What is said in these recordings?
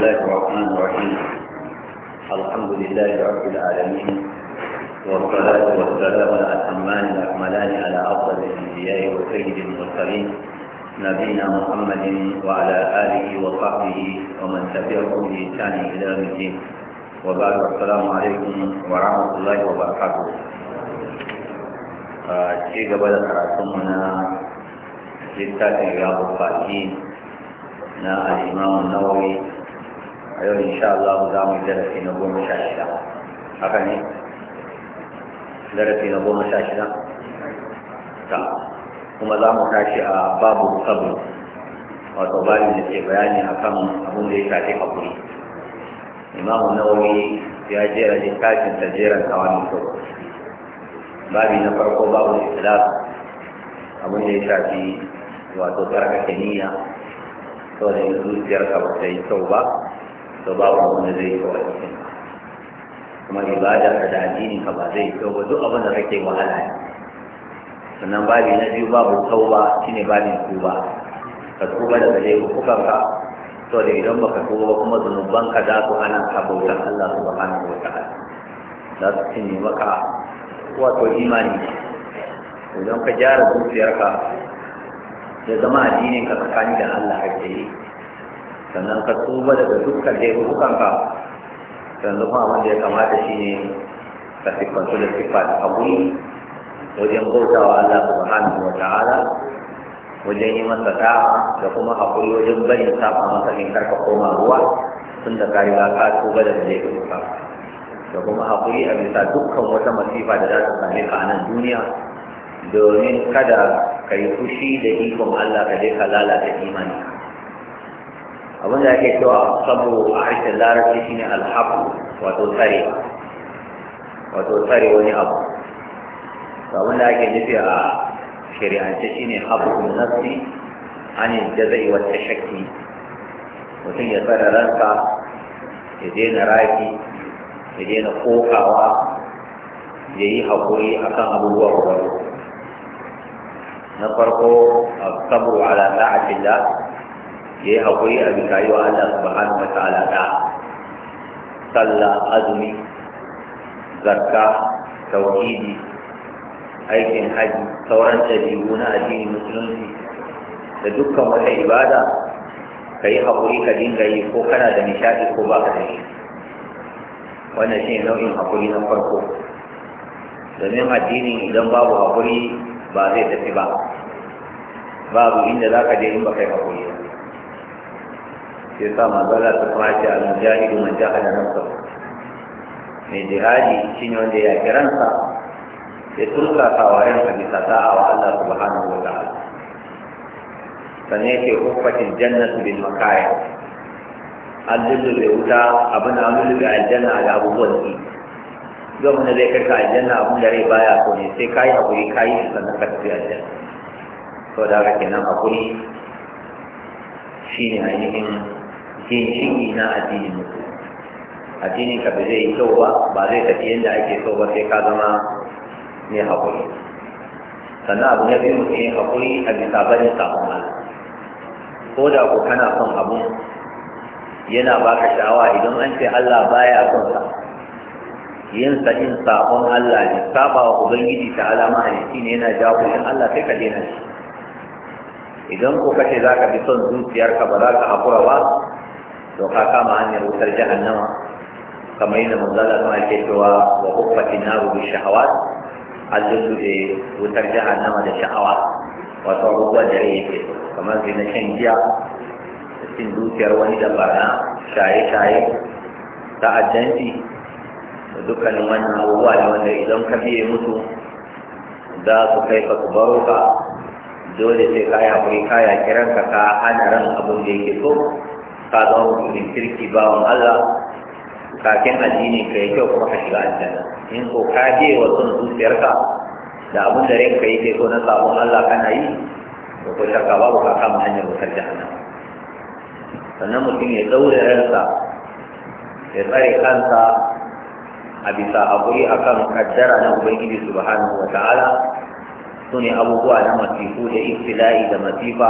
الله الرحمن الرحيم الحمد لله رب العالمين والصلاة والسلام الأتمان الأكملان على أفضل الأنبياء وسيد المرسلين نبينا محمد وعلى آله وصحبه ومن تبعه بإحسان إلى يوم الدين وبعد السلام عليكم ورحمة الله وبركاته آه، شيء قبل da karatunmu na littafin riyadu fati na nawawi a yau insha Allah za mu yi darasi na goma sha shida haka ne darasi na goma sha shida ta kuma za mu tashi a babu sabu wato bani da ke bayani a kan abin da ya shafi hakuri imamu nawawi ya jera littafin ta jeran kawanin to. babi na farko babu islam abin da ya shafi wato tsarkake niyya saboda zuciyarka ba ta yi kyau ba to ba wani zai kyau a cikin kuma ibada ka da addini ka ba zai kyau ba duk abin da kake wahala ne sannan babi na biyu babu tauba shine babin tuba ka tuba daga laifukan ka to da idan baka tuba ba kuma zunuban ka za su hana ka bautar Allah subhanahu wa ta'ala za su cinye maka wato imani idan ka gyara zuciyarka ya zama addinin ka tsakani da Allah kake sannan ka tuba daga dukkan ka. yanzu kuma wanda ya kamata shi ne ka siffantu da siffa da haƙuri wajen bautawa Allah subhanahu wa ta'ala wajen yi masa ta'a da kuma haƙuri wajen barin safa masa in karka koma ruwa tun da ka riga ka tuba daga laifuka da kuma haƙuri a bisa dukkan wata masifa da za ta same ka a nan duniya domin kada ka yi fushi da ikon Allah ka je ka lalata imani abin da ake cewa sabo a harshen larabci shine alhabu wato tsare wato tsare wani abu abin da ake nufi a shari'ance shine habu nafsi an zai wata shakki mutum ya tsare ranka ya daina raki ya daina kokawa ya yi haƙuri a kan abubuwa guda na farko a sabu ala ta'atillah ya yi haƙuri a bisa yi wa Allah subhanahu wa ta'ala da sallah azumi zakka tauhidi aikin haji sauran ɗabi'u na addinin musulunci da dukkan wata ibada ka yi haƙuri ka dinga yi ko kana da nishaɗi ko ba ka da shi wannan shi ne nau'in haƙuri na farko domin addinin idan babu haƙuri ba zai tafi ba babu inda za ka je in ba kai haƙuri ya sa mazala ta kwace a mujahidu man nan nafsa mai jihadi shine wanda ya kiransa ya turka sawayen ka bisa wa Allah subhanahu wa ta'ala sannan yake janna jannatu bin makaya an bai wuta abin an lullube aljanna da abubuwan ki zuwa mana zai karka aljanna abin da rai baya so ne sai kayi hakuri kayi shi sannan ka tafi aljanna sau da haka kenan hakuri ne ainihin ginshiki na addinin musulmi addinin ka ba zai yi kyau ba ba zai tafi yadda ake so ba sai ka zama mai haƙuri sannan abu na biyu mutum yin haƙuri a bisa bane sabon Allah ko da ku kana son abu yana baka sha'awa idan an ce Allah baya son sa yin sa in sabon Allah ne saba wa ubangiji ta alama halitti ne yana jawo in Allah sai ka daina shi idan ko kace za ka bi son zuciyarka ba za ka haƙura ba to ka kama hanyar wutar jahannama kamar yadda manzala kuma ake cewa wa uffati naru bi shahawat allutu da wutar jahannama da sha'awa wato abubuwan da rai yake kamar zina shan giya da cin dukiyar wani da bana shaye-shaye ta'addanci da dukkanin wannan abubuwa ne wanda idan ka biye mutu za su kai ka baro ka dole sai ka yi haƙuri ka kiran ka ka hana ran abin da yake so ka zama mutumin kirki bawan Allah kafin addini ka yi kyau kuma ka shiga aljanna in ko ka je wa sun zuciyarka da abin da ranka ke so na sabon Allah kana yi da ko shakka babu ka kama hanyar wutar jahannama sannan mutum ya daure ransa ya tsare kansa a bisa haƙuri a kan kaddara na ubangiji subhanahu wa ta'ala su ne abubuwa na masifu da ibtila'i da masifa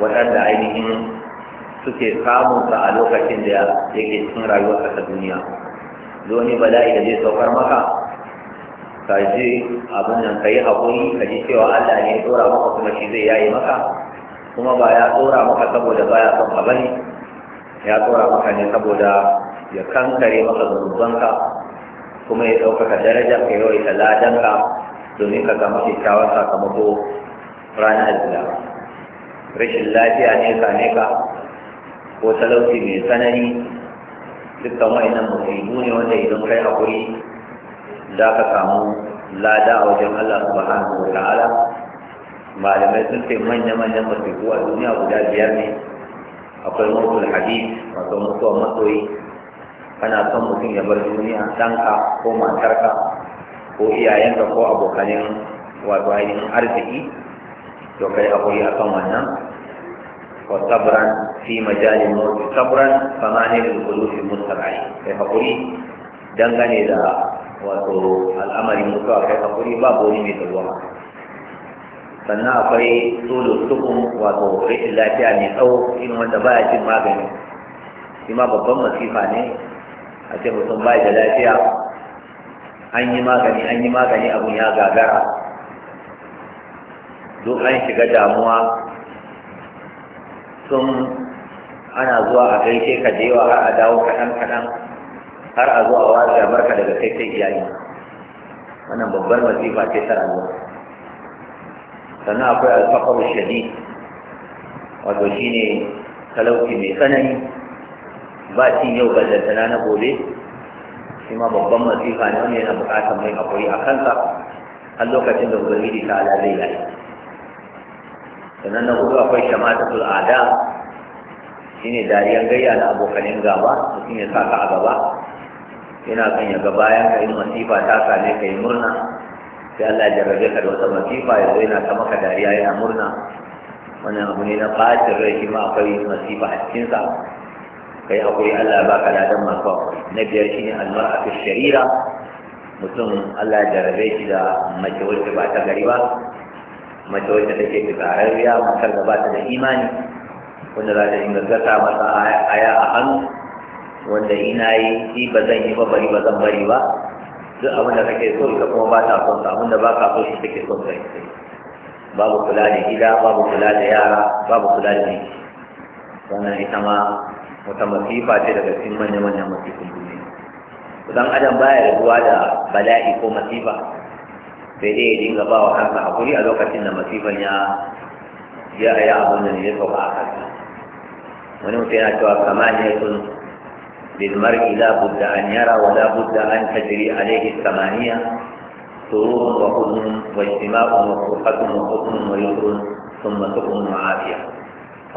waɗanda ainihin suke sa a lokacin da yake cikin rayuwarsa ta duniya wani bala'i da zai saukar maka ka ji abin nan ka yi haƙuri ka ji cewa Allah ne ya tsora maka kuma shi zai yayi maka kuma ba ya tsora maka saboda ba ya son ka bane ya tsora maka ne saboda ya kankare maka zunubanka kuma ya ɗaukaka daraja ka yawai ta ladanka domin ka zama kyakkyawan sakamako ranar da rashin lafiya ne ka ne ka ko talauci mai tsanani dukkan wa'annan musulmi ne wanda idan kai haƙuri za ka samu lada a wajen Allah subhanahu wa ta'ala malamai sun ce manya-manyan musibu a duniya guda biyar ne akwai mutul hadis wato mutuwar matsoyi kana son mutum ya bar duniya ɗanka ko matarka ko iyayenka ko abokanin wato ainihin arziki to kai haƙuri akan wannan وصبرا في مجال الموت صبرا فما نيل القلوب المسترعين كيف قولي dangane da wato al'amari mutuwa kai hakuri ba wani mai tsawon sannan akwai tsoro sukun wato rashin lafiya mai tsawo irin wanda ba ya cin magani shi ma babban masifa ne a ce mutum ba da lafiya an yi magani an yi magani abun ya gagara duk an shiga damuwa sun ana zuwa a gaishe ka da yawa har a dawo kaɗan kaɗan har a zuwa wa da barka daga kai sai iyali wannan babbar masifa ce ta rayuwa sannan akwai alfakar shadi wato shine talauci mai tsanani ba cin yau ga na gobe shi ma babban masifa ne wanda yana buƙatar mai akwai a kansa har lokacin da ubangiji ta ala zai yi sannan na hudu akwai tul ada shine dariyar gayya na abokanin gaba mutum ya saka a gaba yana kan ya ga bayan ka yi masifa ta same ka yi murna sai Allah ya jarrabe ka da wata masifa ya zo yana ta maka dariya yana murna wannan abu ne na fatin rai shi ma akwai masifa a cikinsa kai hakuri Allah ya baka ladan masu hakuri na biyar shi ne a sharira mutum Allah ya jarabe shi da mace wacce ba ta gari ba mace wacce take ya matar da ba ta da imani wanda za ta dinga masa aya a hannu wanda ina yi shi ba zan yi ba bari ba zan bari ba duk abin da kake so ita kuma ba ta son abin da ba ka so shi take son kai babu kula da gida babu kula da yara babu kula da ni wannan ita ma wata masifa ce daga cikin manya-manyan masifin duniya Kudan adam baya ruwa da bala'i ko masifa sai dai ya dinga ba wa kansa hakuri a lokacin da masifan ya ya ya abun nan ya sauka a kansa wani mutum yana cewa ne sun للمرء لا بد أن يرى ولا بد أن تجري عليه الثمانية سرور وحزن واجتماع وفرقة وحزن ويسر ثم سكن وعافية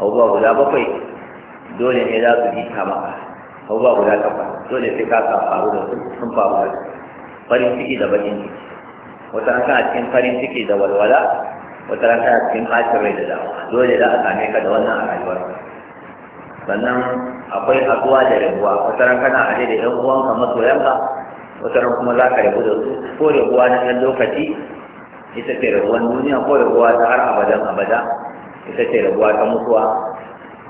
ba guda bakwai dole ne za su hita maka ba guda takwas dole sai ka faru da su sun faru farin ciki da bakin ciki wata ranka a cikin farin ciki da walwala wata ranka a cikin bacin rai da damuwa dole za a same ka da wannan a rayuwar sannan akwai haɗuwa da rabuwa wata ranka na haɗe da yan uwanka masoyanka wata ran kuma za ka rabu da su ko rabuwa na ɗan lokaci ita ce rabuwan duniya ko rabuwa ta har abadan abada ita ce rabuwa ta mutuwa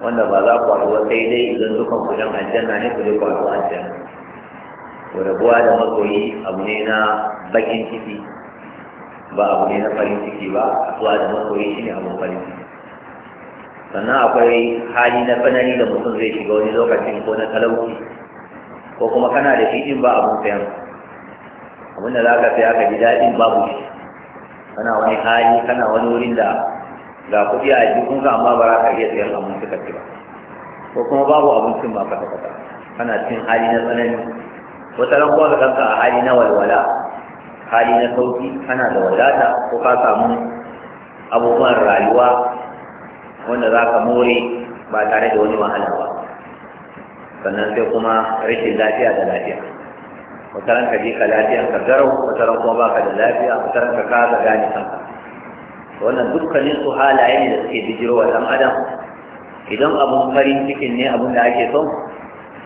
wanda ba za ku haɗuwa sai dai idan dukan ku ɗan aljanna ne ku je ku haɗu aljanna rabuwa da masoyi abu ne na bakin ciki ba abu ne na farin ciki ba zuwa da koyi shi ne abin farin ciki sannan akwai hali na tsanani da mutum zai shiga wani lokacin ko na talauci ko kuma kana da shi din ba abun sayan abin da za ka saya ka ji daɗin babu shi kana wani hali kana wani wurin da ga kuɗi a kunka amma ba za ka iya sayan abin suka ci ba ko kuma babu abincin ba kwata-kwata kana cin hali na tsanani wata ran kuwa ka kanka a hali na walwala hali na sauki kana da wadata ko ka samu abubuwan rayuwa wanda za ka more ba tare da wani wahala ba sannan sai kuma rashin lafiya da lafiya wataran ka je ka lafiya ka garau wataran kuma baka da lafiya wataran ka kaza gane kanka wannan dukkanin su halaye ne da suke bijiro wa dan adam idan abun farin cikin ne abun da ake so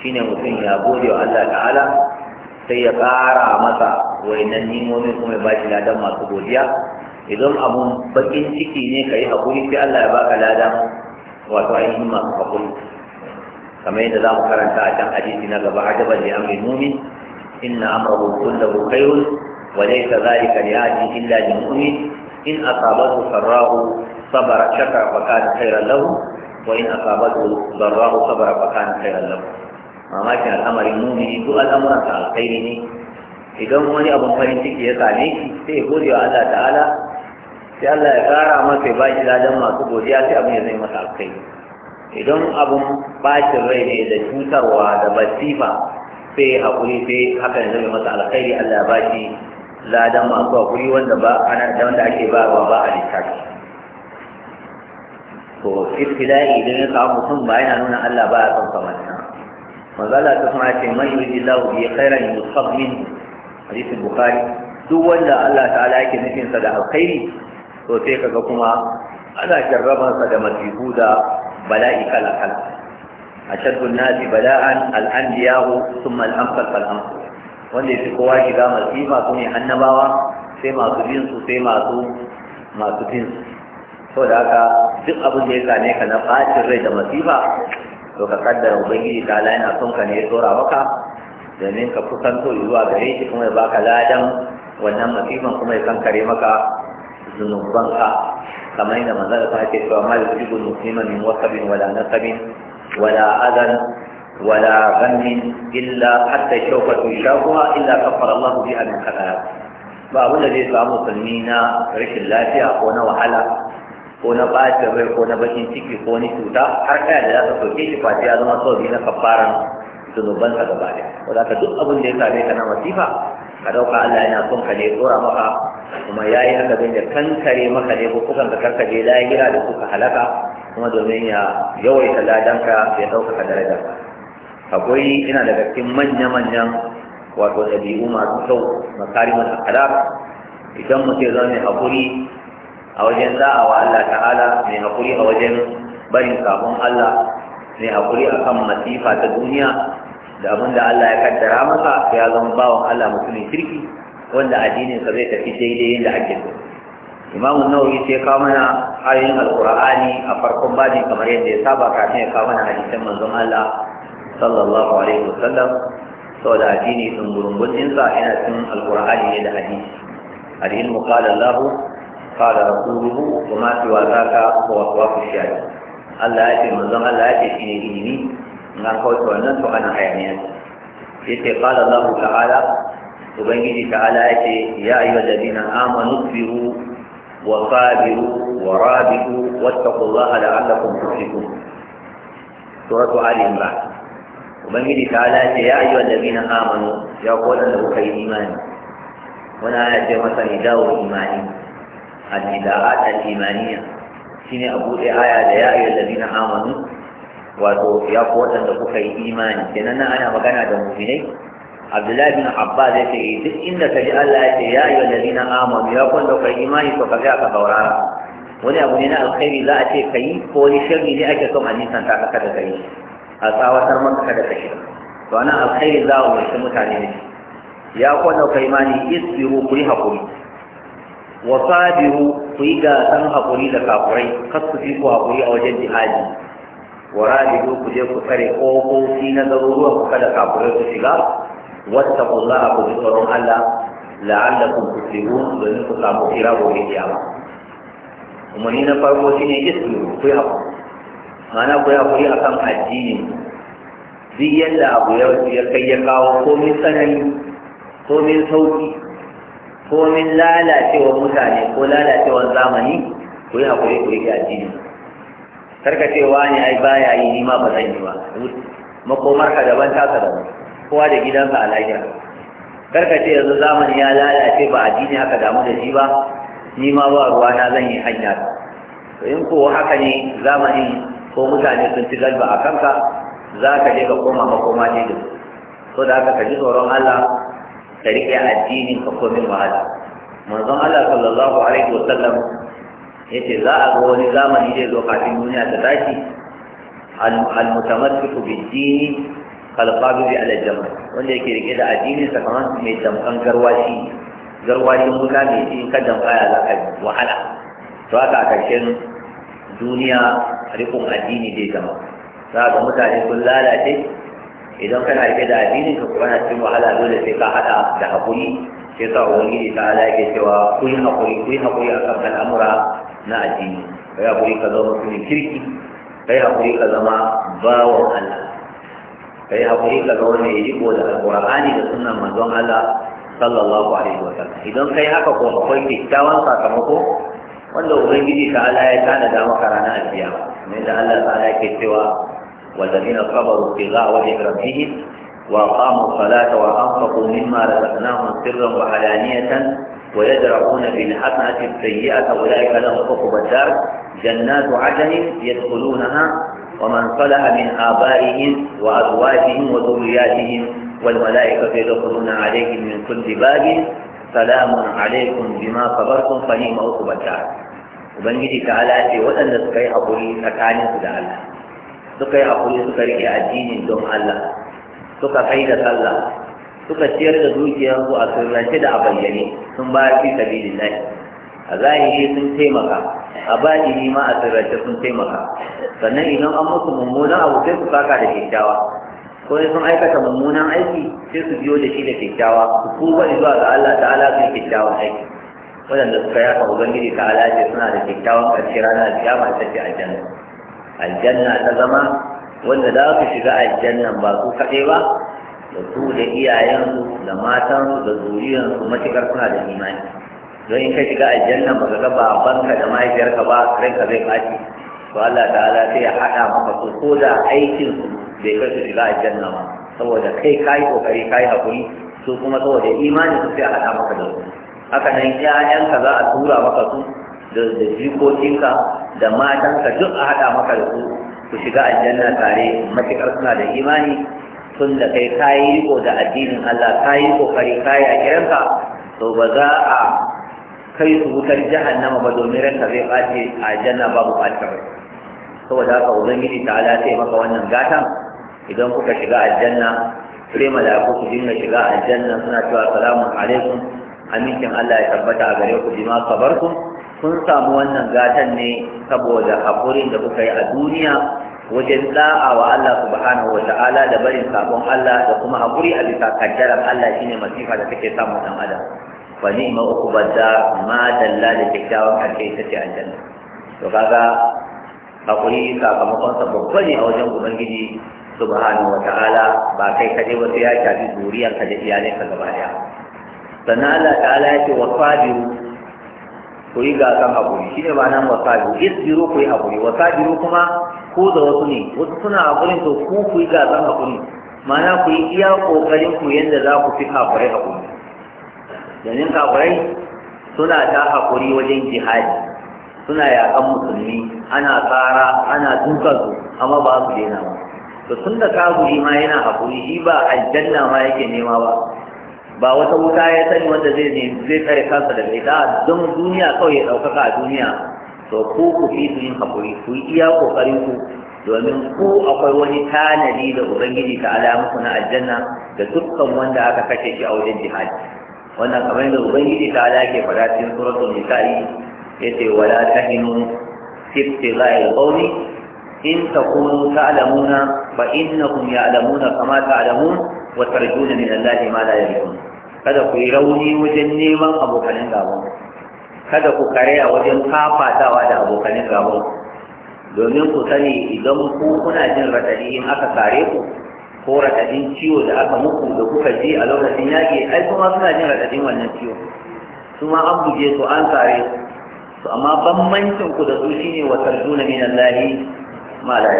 shine mutum ya gode wa Allah ta'ala sai ya ƙara masa wainan nimomin kuma ba shi ladan masu godiya idan abun bakin ciki ne ka yi haƙuri sai Allah ya baka ladan wato ainihin masu haƙuri kamar yadda za mu karanta a can hadisi na gaba a ajaban li amri mumin inna amrahu kullahu khairun wa laysa dhalika li ahadin illa lil mu'min in asabathu sarrahu sabara shakara fa kana khairan lahu wa in asabathu dharrahu sabara fa kana khairan lahu mamakin al'amarin mumini duk al'amuransa alkhairi ne idan wani abin farin ciki ya same shi sai ya gode wa Allah ta'ala sai Allah ya kara masa ya bashi ladan masu godiya sai abin ya zai masa alkai idan abin bacin rai ne da cutarwa da basifa sai hakuri sai hakan zai masa alkhairi Allah ya bashi ladan masu hakuri wanda ba ana da wanda ake ba ba ba a littafi to ibtila'i idan ya samu mutum ba yana nuna Allah ba ya son kamar nan manzo Allah ta kuma ce man yuridu lahu bi khairan yusab minhu hadisin bukhari duk wanda Allah ta'ala yake nufinsa da alkhairi to sai kaga kuma ana jarraban da masifu da bala'i kala kala ashaddu an-nasi bala'an al sun thumma al-amsal fal wanda yake kowa shiga masifa sune annabawa sai masu bin su sai masu masu bin su to da haka duk abin da ya same ka na bacin rai da masifa to ka kaddara ubangiji ta yana son ka ne ya tsora maka domin ka kusanto zuwa gare shi kuma ya baka ladan wannan masifan kuma ya kankare maka zunuban zunubanka kamar yadda manzara ta ce cewa ma yusibu musliman min wasabin wala nasabin wala adan wala ghammin illa hatta shawkatu shaquha illa kafara Allah biha min khataaya ba abin da zai samu musulmi na rashin lafiya ko na wahala ko na bacin rai ko na bakin ciki ko ni cuta har kai da za ka soke shi fati ya zama sau na kafaran zunuban gaba ɗaya wanda duk abin da ya same ka na masifa ka ɗauka Allah yana son ka ne tsora maka kuma ya yi haka don ya kankare maka ne ko ka karkaje lahira da kuka halaka kuma domin ya yawaita ladanka ya ɗaukaka darajarka akwai ina daga cikin manya-manyan wato ɗabi'u masu kyau makarimar akhlaq idan mutum ya zama mai haƙuri a wajen za'awa Allah ta'ala mai haƙuri a wajen barin sabon Allah mai haƙuri akan masifa ta duniya da abin da Allah ya kaddara masa ya zama bawan Allah mutumin kirki wanda addininsa zai tafi daidai yadda ake so Imam Nawawi sai kawo mana ayoyin Alqur'ani a farkon bajin kamar yadda ya saba kafin ya kawo mana hadisan manzon Allah sallallahu alaihi wasallam saboda addini sun gurungun sa yana cikin Alqur'ani ne da hadisi al-ilmu qala Allah qala rasuluhu wa ma siwa zaka huwa waswafu shaytan Allah ya ce manzon Allah ya ce shine ilimi na kawai wannan to ana hayaniya yace qala Allah ta'ala ubangiji ta'ala ya ce ya ayyuhal ladina amanu sabiru wa sabiru wa rabitu da la'allakum tuflihun suratu ali ba, ubangiji ta'ala ya ce ya ayyuhal ladina amanu ya qawlan da kuka yi imani wannan aya ce masa dawo imani al-nida'at al-imaniya shine abu da aya da ya ayyuhal ladina amanu wato ya ku waɗanda kuka yi imani kenan nan ana magana da mu'minai Abdullahi bin Abba zai ce eh, duk inda ka ji Allah ya ce ya yi ayyuhal ladina amanu ya ku wanda kuka yi imani to ka ga aka saurara wani abu ne na alkhairi za a ce ka yi ko wani sharri ne ake son a nisan ta kada ka yi a tsawatar maka kada ka shiga to ana alkhairi za a wuce mutane ne ya ku wanda kuka yi imani isbiru ku yi haƙuri wa sabiru ku yi gasan haƙuri da kafurai kasu ku fi ku haƙuri a wajen jihadi ورادوا كجيكو فريقوكو سين ضروروا وكذا كافرين تشيغا واتقوا الله بذكرهم الله لعلكم تفلحون لن تسلموا إرابه القيامة umarni na farko shi ne mana ku yi haƙuri a addini duk yadda abu ya kai ya kawo komin tsanani komin sauƙi komin lalacewar mutane ko lalacewar zamani ku yi ku addini karka ce ne ai baya yi ni ma ba zan yi ba makomar ka daban ta daban kowa da gidansa a lahira karka ce yanzu zamani ya lalace ba addini haka damu da shi ba ni ma ba ruwa na zan yi hanya to in ko haka ne zamani ko mutane sun ci galba a kanka za ka je ka koma makoma ne da so da haka ka ji tsoron Allah ka riƙe addinin ka komin wahala manzon Allah sallallahu alaihi wasallam yace za a ga wani zamani zai zo kafin duniya ta tashi al-mutamattiku bid-dini kalqabi ala jamal wanda yake rike da addinin sa kamar mai damkan garwashi garwashin wuta mai in ka damka ya zaka wahala to haka a karshen duniya rikon addini zai zama za ga mutane sun lalace idan kana rike da addinin ka kuma na cikin wahala dole sai ka hada da hakuri sai sa ubangiji ta ala yake cewa ku hakuri ku yi hakuri akan al'amura na addini kai hakuri ka zama mutumin kirki kai hakuri ka zama bawan Allah kai hakuri ka zama mai riko da alqur'ani da sunnan manzon Allah sallallahu alaihi wa sallam idan kai haka ko akwai kyakkyawan sakamako wanda ubangiji ta Allah ya tana da maka ranar alkiyama ne da Allah ta Allah ke cewa والذين صبروا wa وجه ربهم وأقاموا الصلاة وأنفقوا مما رزقناهم سرا وعلانية ويدرؤون بالحسنة السيئة أولئك لهم عقبى الدار جنات عدن يدخلونها ومن صلح من آبائهم وأزواجهم وذرياتهم والملائكة يدخلون عليهم من كل باب سلام عليكم بما صبرتم فنعم عقبى الدار ubangiji ta alaƙe waɗanda suka yi haƙuri tsakaninsu da Allah suka yi haƙuri suka rike addinin don Allah suka kai da sallah suka ciyar da dukiyansu a sirrance da a bayyane sun ba fi sabilin lahi a zahiri sun taimaka a baɗini ma a sirrance sun taimaka sannan idan an musu mummunan abu sai su kaka da kyakkyawa ko ne sun aikata mummunan aiki sai su biyo da shi da kyakkyawa su kuma zuwa ga Allah ta'ala sun kyakkyawan aiki waɗanda suka yaka ubangiji ta alaƙe suna da kyakkyawan ƙarshe ranar alƙiyama ta ce aljanna aljanna ta zama wanda za su shiga aljannan ba su kaɗai ba da su da iyayensu da matansu da zuriyarsu matuƙar suna da imani don in ka shiga aljanna ba ka ga babanka da mahaifiyarka ba ranka zai ɓaci to Allah ta'ala sai ya haɗa maka su ko da aikin bai kai su shiga aljanna ba saboda kai kai kokari kai hakuri su kuma saboda imani su sai a haɗa maka da su haka nan za a tura maka su da jikokinka da matanka duk a haɗa maka da su ku shiga aljanna tare matuƙar suna da imani tun da kai kayi riko da addinin Allah kayi kokari kayi a kiranka to ba za a kai su wutar jahannama ba domin ranka zai ɓace a janna babu ɓace rai saboda haka ubangiji ta'ala sai maka wannan gatan idan kuka shiga aljanna sai malaku ku dinga shiga aljanna suna cewa salamun alaikum amincin Allah ya tabbata a gare ku bima sabarkum kun samu wannan gatan ne saboda hakurin da kuka yi a duniya wajen la'a wa Allah subhanahu wata'ala da barin sabon Allah da kuma hakuri a bisa Allah shine masifa da take samu dan adam fa uku uqbadda ma dalla da kikkiawan karshe ita ce aljanna to kaga hakuri sakamakon sa babba ne a wajen ubangiji subhanahu wata'ala ba kai kaje wasu ya shafi zuriyar ka da iyalanka gaba ɗaya sannan Allah ta'ala ya ce wa sabiru ku yi gasan haƙuri shi ne ba nan wasabiru biro ku yi haƙuri wasabiru kuma ko da wasu ne wasu suna haƙurin to ku ku yi gasan haƙuri ma'ana ku yi iya ƙoƙarin ku yadda za ku fi haƙurai haƙuri domin kafirai suna ta haƙuri wajen jihadi suna yaƙan musulmi ana tsara ana dukan su amma ba su daina ba to tun da guri ma yana haƙuri shi ba aljanna ma yake nema ba ba wata wuta ya sani wanda zai ne zai tsare kansa daga ita don duniya kawai ya ɗaukaka a duniya to ku ku fi su yin haƙuri ku yi iya ƙoƙarin ku domin ku akwai wani tanadi da ubangiji ta ala muku na aljanna da dukkan wanda aka kashe shi a wajen jihadi wannan kamar yadda ubangiji ta ala ke faɗa cikin suratul nisa'i yace wala tahinu fi ibtila'il qawmi in takunu ta'lamuna fa innakum ya'lamuna kama ta'lamun wa tarjuna min allahi ma la kada ku yi rauni wajen neman abokanin gaban kada ku kare a wajen kafatawa da abokanin gaban domin ku sani idan ku kuna jin raɗaɗi in aka kare ku ko raɗaɗin ciwo da aka muku da kuka ji a lokacin yaƙi ai kuma suna jin raɗaɗin wannan ciwo su ma an buje su an kare su amma bambancin ku da su shine wa tarjuna min Allah ma la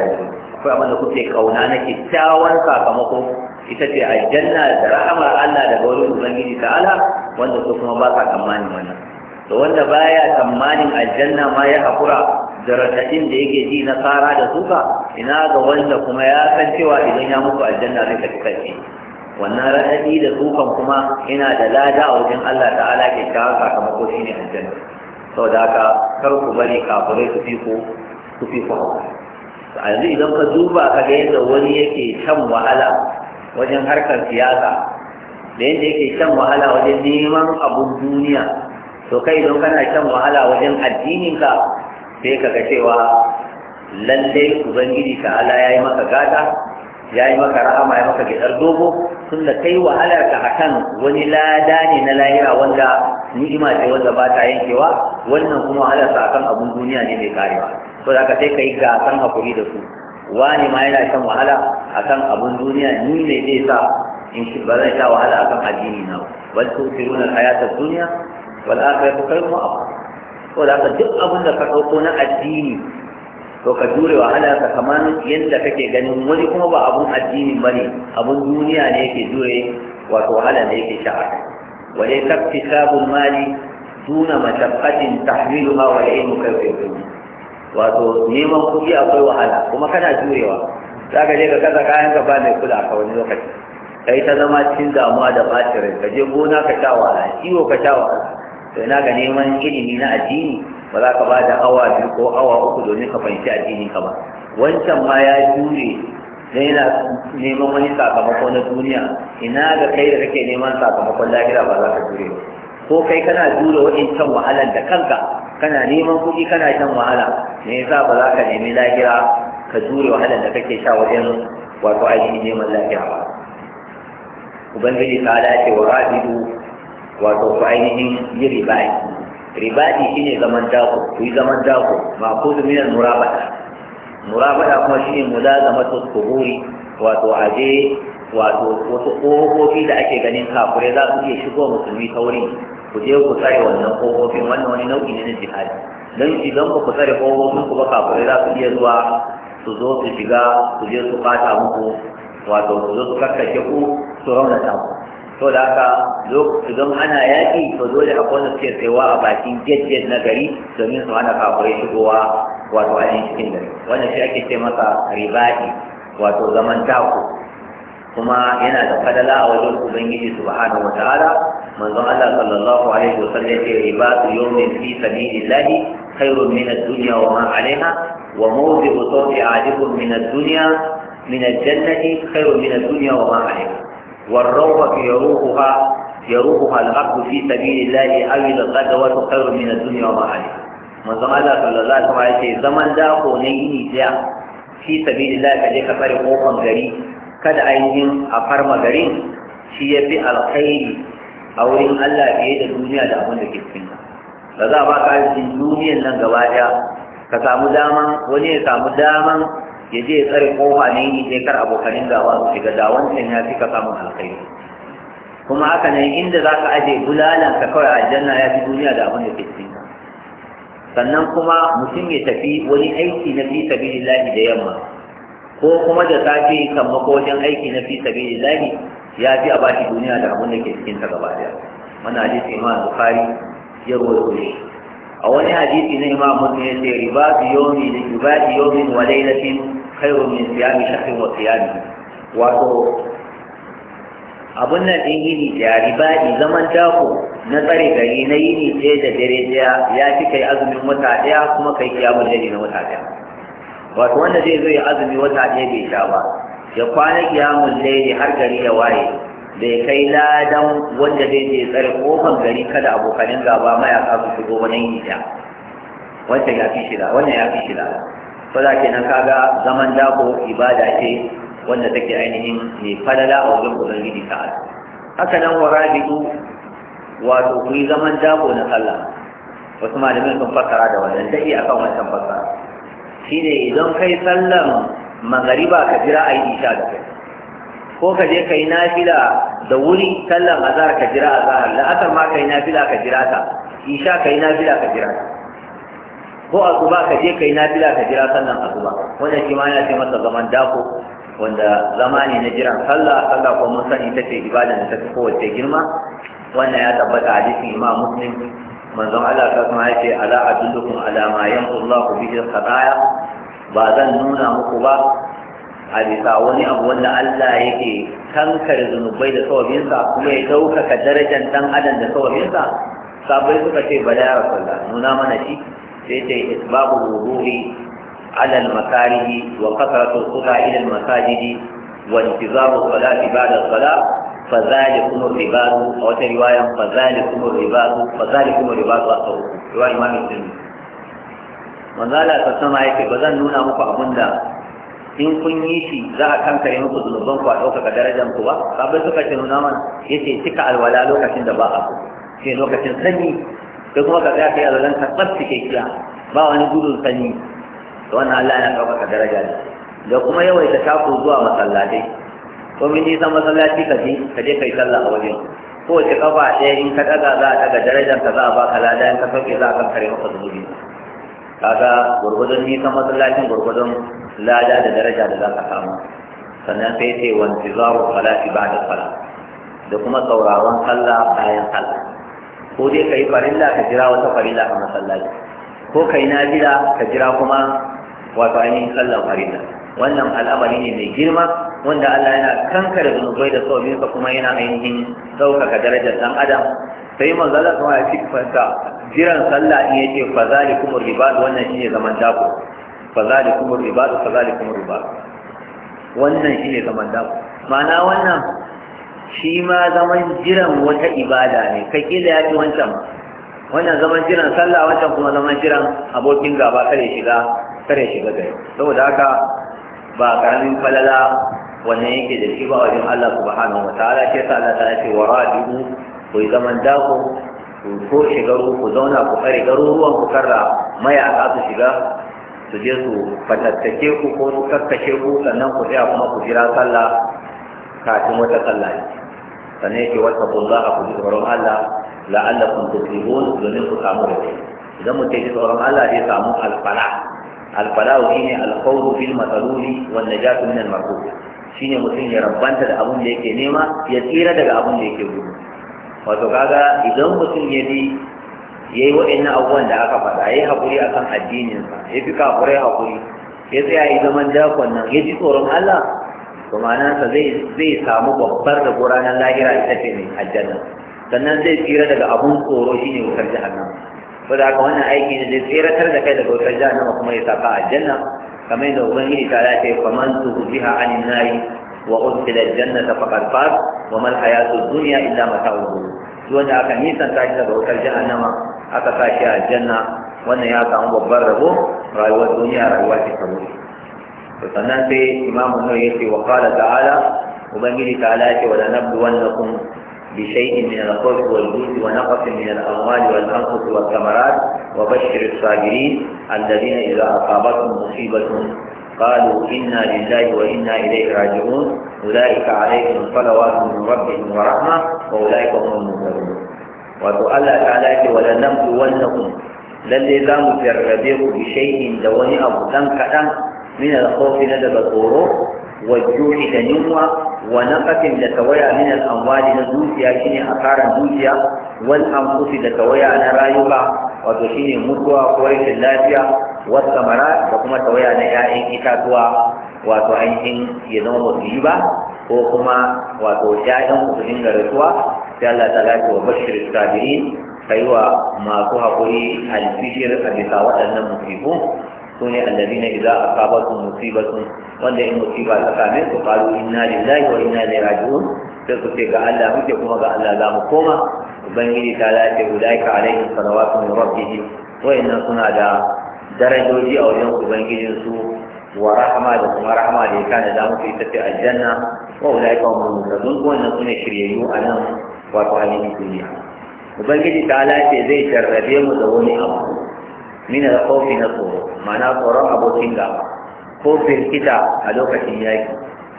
akwai abin da kuke kauna na kyakkyawan sakamako ita ce aljanna da rahamar Allah daga wani ubangiji ta'ala wanda su kuma ba tsammanin wannan to wanda baya tsammanin aljanna ma ya hakura da raɗaɗin da yake ji na tsara da suka ina ga wanda kuma ya san cewa idan ya muku aljanna zai tafi kai wannan raɗaɗi da sukan kuma ina da lada a wajen Allah ta'ala ke kawo sakamako shi ne aljanna sau da haka kar ku bari kafirai su fi ku su fi ku a yanzu idan ka duba ka ga yadda wani yake shan wahala wajen harkar siyasa da yadda yake shan wahala wajen neman abun duniya to kai don kana shan wahala wajen addininka sai ka ga cewa lallai ubangiji ta ala ya yi maka gata ya yi maka rahama ya maka gidar dogo tun da kai wahalar ka akan wani lada ne na lahira wanda ni'ima ce wanda ba ta yankewa wannan kuma wahalar sa akan abun duniya ne mai karewa to da ka sai ka yi gasan hakuri da su wani ma yana shan wahala akan abun duniya ni ne zai sa in shi ba zai sha wahala akan addini na wal tusiruna hayata dunya wal akhiratu khayrun wa abqa ko da duk abin da ka dauko na addini to ka jure wahala ka kaman yadda kake ganin wani kuma ba abun addini bane abun duniya ne yake jure wato wahala ne yake sha wa yakfi sabul mali duna mashaqqatin tahmiluha wa ilmu kayfa yakunu wato neman kuɗi akwai wahala kuma kana jurewa za ka je ka kasa kayan ka ba mai kula ka wani lokaci ka yi ta zama cikin damuwa da ɓacin ka je gona ka sha wahala ciwo ka sha wahala to ina ga neman ilimi na addini ba za ka ba da awa biyu ko awa uku domin ka fahimci addinin ka ba wancan ma ya jure dan yana neman wani sakamako na duniya ina ga kai da kake neman sakamakon lahira ba za ka jure ba ko kai kana jure wa'incan wahalar da kanka kana neman kuɗi kana shan wahala me yasa ba za ka nemi lahira ka jure wahalar da kake sha wajen wato aiki neman lahira ba ubangiji ta dace wa rabidu wato ku ainihin yi ribadi ribadi shine zaman dako ku yi zaman dako ma ku minan murabada murabada kuma shine zama kuburi wato aje wato wasu ƙofofi da ake ganin kafure za su iya shigo musulmi ta wurin ku je ku tsare wannan ƙofofin wannan wani nau'i ne na jihadi don idan ku ku tsare ƙofofin ku ba kafure za su iya zuwa su zo su shiga su je su fata muku wato su zo su karkace ku su raunata ku to da haka idan ana yaƙi to dole a wanda suke tsayawa a bakin jejjej na gari domin su hana kafure shigowa wato a cikin gari wannan shi ake ce masa ribaɗi wato zaman taku kuma yana da fadala a wajen ubangiji subhanahu wataala manzon Allah sallallahu alaihi wasallam ya ce ribatu yawmin fi sabilillah khairun min mina duniya wa ma 'alayha wa mawdi'u ke 'adikum min ad-dunya min ad-jannati khairun min ad-dunya wa ma 'alayha والروح يروحها يروحها العبد في سبيل الله أو الغدوة mina duniya wa وما عليها manzon Allah sallallahu alaihi wasallam ya ce zaman dako ne yini jiya fi sabilillah ka je ka fare kofan gari kada ainihin a farma garin shi ya fi alkhairi a wurin Allah fiye da duniya da abin da ke cikin ba za a ba ka cikin duniyan nan gaba ɗaya ka samu daman wani ya samu daman ya je ya tsare kofa ne ni sai kar abokanin gaba su shiga da wancan ya fi ka samu alkhairi kuma haka ne inda za ka aje bulalan ka kawai aljanna ya fi duniya da abin da ke cikin sannan kuma mutum ya tafi wani aiki na fi sabilillahi da yamma ko kuma da safe kan makoshin aiki na fi sabilillahi ya fi a bashi duniya da abin da ke cikin ta gaba daya wannan hadisi imam bukhari ya rawaito shi a wani hadisi na imam muslim ya ce riba bi yomi da riba bi yomi wa laylatin khairu min siyami shahrin wa siyami wato abun nan din yini da riba zaman dako na tsare gari na yini ce da dare ɗaya ya fi kai azumin wata ɗaya kuma kai kiyamun ni na wata ɗaya wato wanda zai zo ya azumi wata ɗaya bai sha ba ya kwana kiyamun laili har gari ya waye bai kai ladan wanda zai je tsare kofan gari kada abokanin gaba mayaka su shigo wani hijja wancan ya fi shida wannan ya fi shida ke nan kaga zaman dako ibada ce wanda take ainihin mai falala a wajen ubangiji ta haka nan wa rabidu wato ku yi zaman dako na sallah wasu malamin sun fassara da wannan dai akan wancan fassara Shi ne, idan kai sallan magariba ka jira a yi isha da kai ko ka je ka yi nafila da wuri sallan azhar ka jira azhar la'asar ma ka yi nafila ka jira ta isha ka yi nafila ka jira ta ko asuba ka je ka yi nafila ka jira sallan asuba wannan shi ma yana ce masa zaman dako wanda zama ne na jiran sallah sallah ko mun sani ita ce ibada da ta fi kowace girma wannan ya tabbata a jikin imam muslim manzon Allah ta kuma yake ala adullukum ala ma yanqullahu bihi al-khataya ba zan nuna muku ba a bisa wani abu wanda Allah yake kankare zunubai da sawabinsa kuma ya ɗaukaka darajar ɗan adam da sawabinsa sabai suka ce bala ya rasulullah nuna mana shi sai ce isbabu wudu'i ala al-makarihi wa kasratu al-qura ila al-masajidi wa intizabu salati ba'da salat kuma فذلكم الرباط أو رواية فذلكم الرباط فذلكم a tsaro. رواية إمام الدين manzala ta sama yake ba zan nuna muku abin da in kun yi shi za a kankare muku zunuban ku a ɗaukaka darajar ku ba sabai suka ce nuna mana yace cika alwala lokacin da ba a ku sai lokacin sanyi sai kuma ka tsaya alwalan ka ke kiya ba wani gudun sanyi to wannan Allah ya ɗaukaka daraja ne da kuma yawaita taku zuwa masallatai komin nisan masallaci ka ji ka je kai sallah a wajen kowace kafa ɗaya in ka ɗaga za a ɗaga darajar ka za a baka lada in ka sauke za a kankare maka zunubi kaga gurgudun nisan masallacin gurgudun lada da daraja da za ka samu sannan sai ce wanti zaru salati ba da sala da kuma sauraron sallah bayan sallah ko dai ka yi farilla ka jira wata farilla a masallaci ko kai na jira ka jira kuma wato ainihin sallah farilla wannan al'amari ne mai girma wanda Allah yana kankare zunubai da sauƙin kuma yana ainihin ɗaukaka darajar ɗan adam sai manzo Allah kuma ya fanta jiran sallah in yake fa zalikum ribat wannan shine zaman dako fa zalikum ribat fa zalikum ribat wannan shine zaman dako ma'ana wannan shi ma zaman jiran wata ibada ne kai kila ya ci wancan wannan zaman jiran sallah wancan kuma zaman jiran abokin gaba kare shiga kare shiga gari saboda haka ba karamin falala wannan yake da shi ba wajen Allah subhanahu wa ta'ala shi yasa Allah ta'ala ce wa rabi'u ku zaman dako ku ko ruwa, ku zauna ku kare garuruwan ku karra mayaka su shiga su je su fatattake ku ko su kakkashe ku sannan ku tsaya kuma ku jira sallah kafin wata sallah sannan yake wata kulla a ku ji tsoron Allah la'allakum tusibun domin ku samu rabe idan mutum ya ji tsoron Allah zai samu alfala alfalahu shine alfawzu fil matsaloli wanda ja su minal shine mutum ya rabanta da abin da yake nema ya tsira daga abin da yake gudu wato kaga idan mutum ya bi ya yi waɗannan abubuwan da aka faɗa ya yi haƙuri a kan addininsa ya fi kafurai haƙuri ya tsaya yi zaman dakon nan ya ji tsoron Allah to ma'anarsa zai samu babbar da ranar lahira ita ce mai aljanna sannan zai tsira daga abun tsoro shine wutar jahannama ko da wannan aiki ne zai tseratar da kai daga wutar jahannama kuma ya saka aljanna kamar yadda ubangiji ta ya ce faman tuhziha anin nari wa udkhila aljannata faqad faz wa mal hayatu dunya illa mata'ul ghurur shi wanda aka nisan tashi daga wutar jahannama aka sa shi janna, wannan ya samu babban rabo rayuwar duniya rayuwa ce ta mutu to sannan sai imamu nawawi ya ce wa qala ta'ala ubangiji ta'ala ya ce wa lanabluwannakum بشيء من الخبز والجوز ونقص من الأموال والأنفس والثمرات وبشر الصابرين الذين إذا أصابتهم مصيبة قالوا إنا لله وإنا إليه راجعون أولئك عليهم صلوات من ربهم ورحمة وأولئك هم المهتدون وتؤلى تعالى ولنبلونكم للي زام جربه بشيء دوني أبو كأن من الخوف ندب الغرور والجوع تنوى wa naqatin da tawaya min al-amwali na zuciya shine asaran dukiya wal anfusi da tawaya na rayuka wato shine mutuwa ko rashin lafiya wa samara da kuma tawaya na 'ya'yan itatuwa wato ainihin ya zama wasu ba ko kuma wato 'ya'yan su dinga rasuwa sai Allah ta lafi wa bashir sabirin kai wa masu haƙuri alfishir a bisa waɗannan musibu su ne allazina idza asabatu musibatun wanda in musiba ta same su faru, inna lillahi wa inna ilaihi raji'un sai su ce ga Allah muke kuma ga Allah za mu koma ubangiji ta lafiya ulaika alaihim salawatu min rabbihim wa inna suna da darajoji a wajen ubangijin su wa rahama da kuma rahama da ya kana da musu ita ce aljanna wa ulaika hum muhtadun wannan suna shiryayyu a nan wato halin duniya ubangiji ta lafiya zai jarrabe mu da wani abu min al-khawf na tsoro ma'ana tsoron abokin gaba ko firkita a lokacin yaki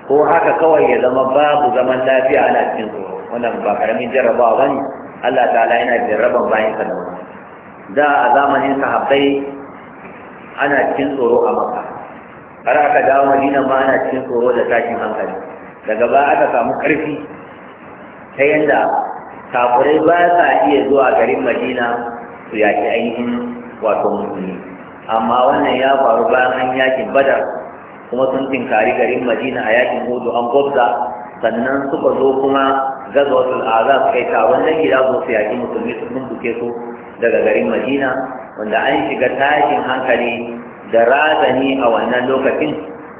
ko haka kawai ya zama babu zaman lafiya ana cikin tsoro wannan ba karamin jarrabawa bane Allah ta'ala yana jarraban bayan sa da wannan da a zamanin sahabbai ana cikin tsoro a maka har aka dawo madina ma ana cikin tsoro da tashin hankali daga baya aka samu karfi ta yanda kafirai ba iya zuwa garin madina su yaki ainihin wato musulmi amma wannan ya faru bayan an yakin badar kuma sun tinkari garin madina a yakin hudu an gobza sannan suka zo kuma al'aza su kai ta wannan gida zo su yaki musulmi su buke su daga garin madina wanda an shiga tashin hankali da razani a wannan lokacin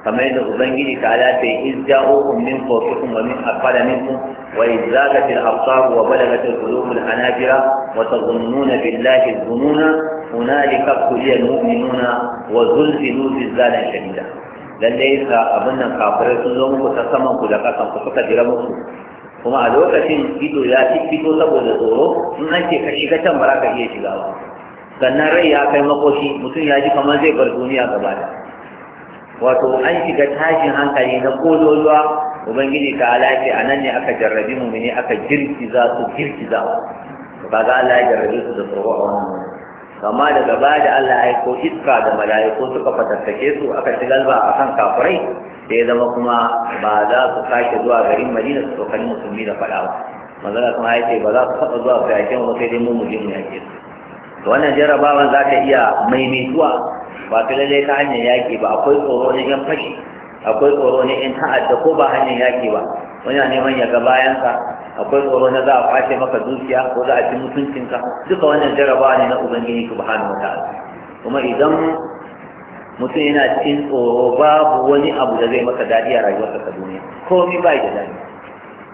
kamar yadda ubangiji ta ala ta yi izja'ukum min fawqikum wa min aqala minkum wa izzaqatil absar wa balagatil qulubul hanabira wa zununa billahi dhununa hunalika quliya mu'minuna wa zulzilu zilzalan shadida lalle ka abin nan kafirai sun zo muku ta saman ku da kasan ku suka jira muku kuma a lokacin ido ya fi fito saboda tsoro in an ce ka shiga can ba za ka iya shiga ba sannan rai ya kai makoshi mutum ya ji kamar zai bar duniya gaba da wato an shiga tashin hankali na kololuwa ubangiji ta alaƙi a nan ne aka jarrabi mumini aka za su su ba ga Allah ya jarrabe su da tsoro a wannan kama daga baya da Allah ya aiko iska da mala'iku suka fatattake su aka ci ba a kan kafirai da ya zama kuma ba za su sake zuwa garin madina su tsokani musulmi da faɗa ba manzana kuma ya ce ba za su taɓa zuwa su yake mu sai dai mu mu je mu yake su wannan jarrabawan za ta iya maimaituwa ba ta lalle ta hanyar yaƙi ba akwai tsoro na yan fashi akwai tsoro na yan ta'adda ko ba hanyar yaƙi ba wani na neman ya ga bayansa akwai tsoro na za a kwashe maka dukiya ko za a ci mutuncinka duka wannan jaraba ne na ubangiji subhanahu wataala kuma idan mutum yana cikin tsoro babu wani abu da zai maka daɗi a rayuwarsa ta duniya komai ba da daɗi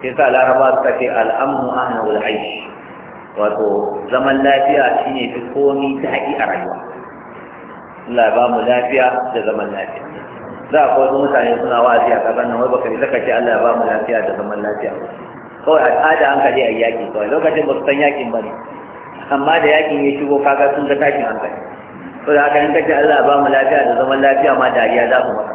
sai sa laraba suka ce al'amnu ahna wal aish wato zaman lafiya shine fi komai daɗi a rayuwa Allah ya ba mu lafiya da zaman lafiya za a wasu mutane suna wasi a kasan nan wai baka yi zaka ce Allah ya ba mu lafiya da zaman lafiya kawai al'ada an kaje a yaki kawai lokacin ba su san yakin ba ne amma da yakin ya shigo kaga sun ga tashin hankali to da haka in kace Allah ya ba mu lafiya da zaman lafiya ma dariya za ku maka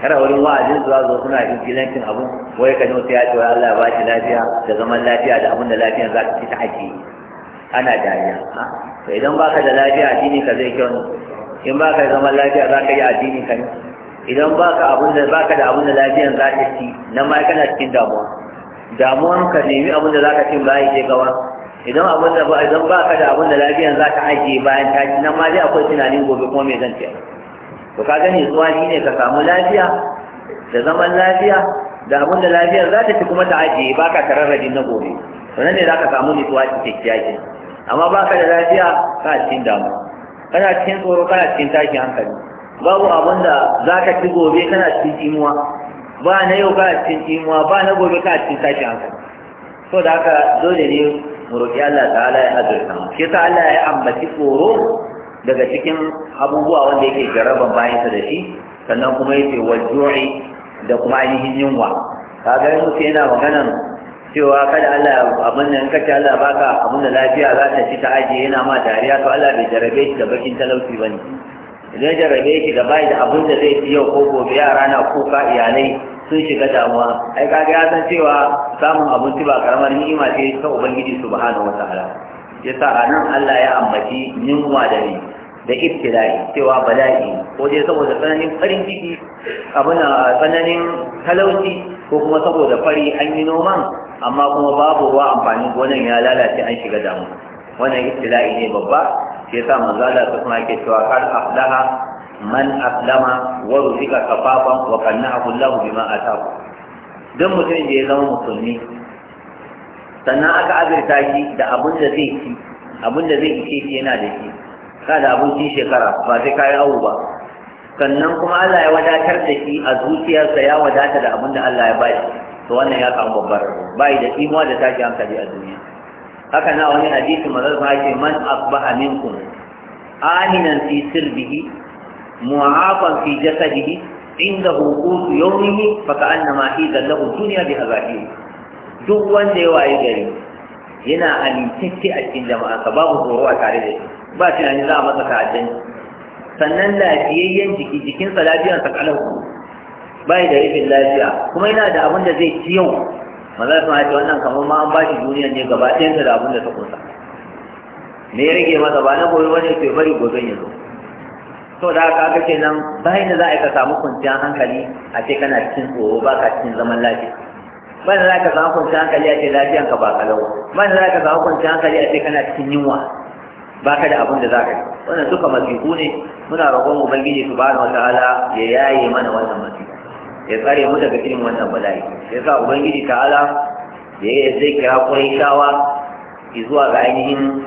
kada wurin wa'azin su zo suna yin injilancin abun wai ka nufi ya ce wai Allah ya ba shi lafiya da zaman lafiya da abun da lafiyan za ka ci ta ake ana dariya ah, to idan baka da lafiya addini ka zai kyau in ba ka zaman lafiya za ka yi addini ka ne idan ba ka da abin da lafiyan za ka ci na ma kana cikin damuwa damuwan ka nemi abin da za ka cin bayan je gawa idan ba idan ba ka da abin da lafiyan za ka ajiye bayan ta ci na ma dai akwai tunanin gobe kuma mai zance to ka gani zuwa ni ne ka samu lafiya da zaman lafiya da abin da lafiyar za ta ci kuma ta ajiye ba ka tararradin na gobe to nan ne za ka samu nutsuwa cikakkiyaki amma ba ka da lafiya ka cikin damuwa kana cikin tsoro kana cikin tashin hankali babu abin da za ka ci gobe kana cikin imuwa ba na yau kana cikin imuwa ba na gobe kana cikin tashin hankali so da haka dole ne mu roƙi Allah ta'ala ya azurta mu shi ta Allah ya ambaci tsoro daga cikin abubuwa wanda yake jaraban bayansa da shi sannan kuma yake wajuri da kuma ainihin yunwa kaga yanzu sai yana maganan cewa kada Allah abin nan kace Allah baka abin da lafiya za ta ci ta aje yana ma dariya to Allah bai jarabe shi da bakin talauci bane idan jarabe shi da bai da abin da zai ci yau ko gobe yara na kuka iyalai sun shiga damuwa ai kaga ya san cewa samun abinci ba karamar ni'ima ce ta ubangiji subhanahu wataala yasa nan Allah ya ambaci yunwa da ni da ibtila'i cewa bala'i ko dai saboda tsananin farin ciki abin tsananin talauci ko kuma saboda fari an yi noman amma kuma babu ruwa amfanin gonan ya lalace an shiga damu wannan ibtila'i ne babba shi yasa manzo Allah ta kuma yake cewa kar aflaha man aslama wa ruzika kafafan wa qannahu Allah bima ataku dan mutum da ya zama musulmi sannan aka azurta shi da abin da zai ci abin da zai ishe shi yana da shi ka da abincin shekara ba sai kayan awu ba sannan kuma Allah ya wadatar da shi a zuciyarsa ya wadata da abin da Allah ya bashi to wannan ya samu babbar rabo bai da imuwa da tashi hankali a duniya haka na wani hadisi manzon sa yake man asbaha minkum aminan fi sirbihi mu'afan fi jasadihi indahu qutu yawmihi fa ka'annama hidan lahu dunya bi azabihi duk wanda ya waye gari yana amintacce a cikin jama'a ka babu tsoro a tare da shi ba tunani za a masa ta'addanci sannan lafiyayyen jiki jikinsa lafiyarsa kalau bai da rufin lafiya kuma yana da abin da zai ci yau maza su haɗe wannan kamar ma an ba shi duniya ne gaba ɗayansa da abin da ta kusa me ya rage masa ba na koyi wani ke bari gobe ya zo to da aka ga kenan bayan da za a ka samu kwanciyar hankali a ce kana cikin tsoro ba ka cikin zaman lafiya bayan da za ka samu kwanciyar hankali a ce lafiyan ka ba kalau bayan da za ka samu kwanciyar hankali a ce kana cikin yunwa ba ka da abin da za ka yi wannan duka masiku ne muna roƙon ubangiji subhanahu wataala ya yaye mana wannan masiku. ya tsare mu daga irin wannan bala'i ya sa ubangiji ta'ala da ya zai kira shawa zuwa ga ainihin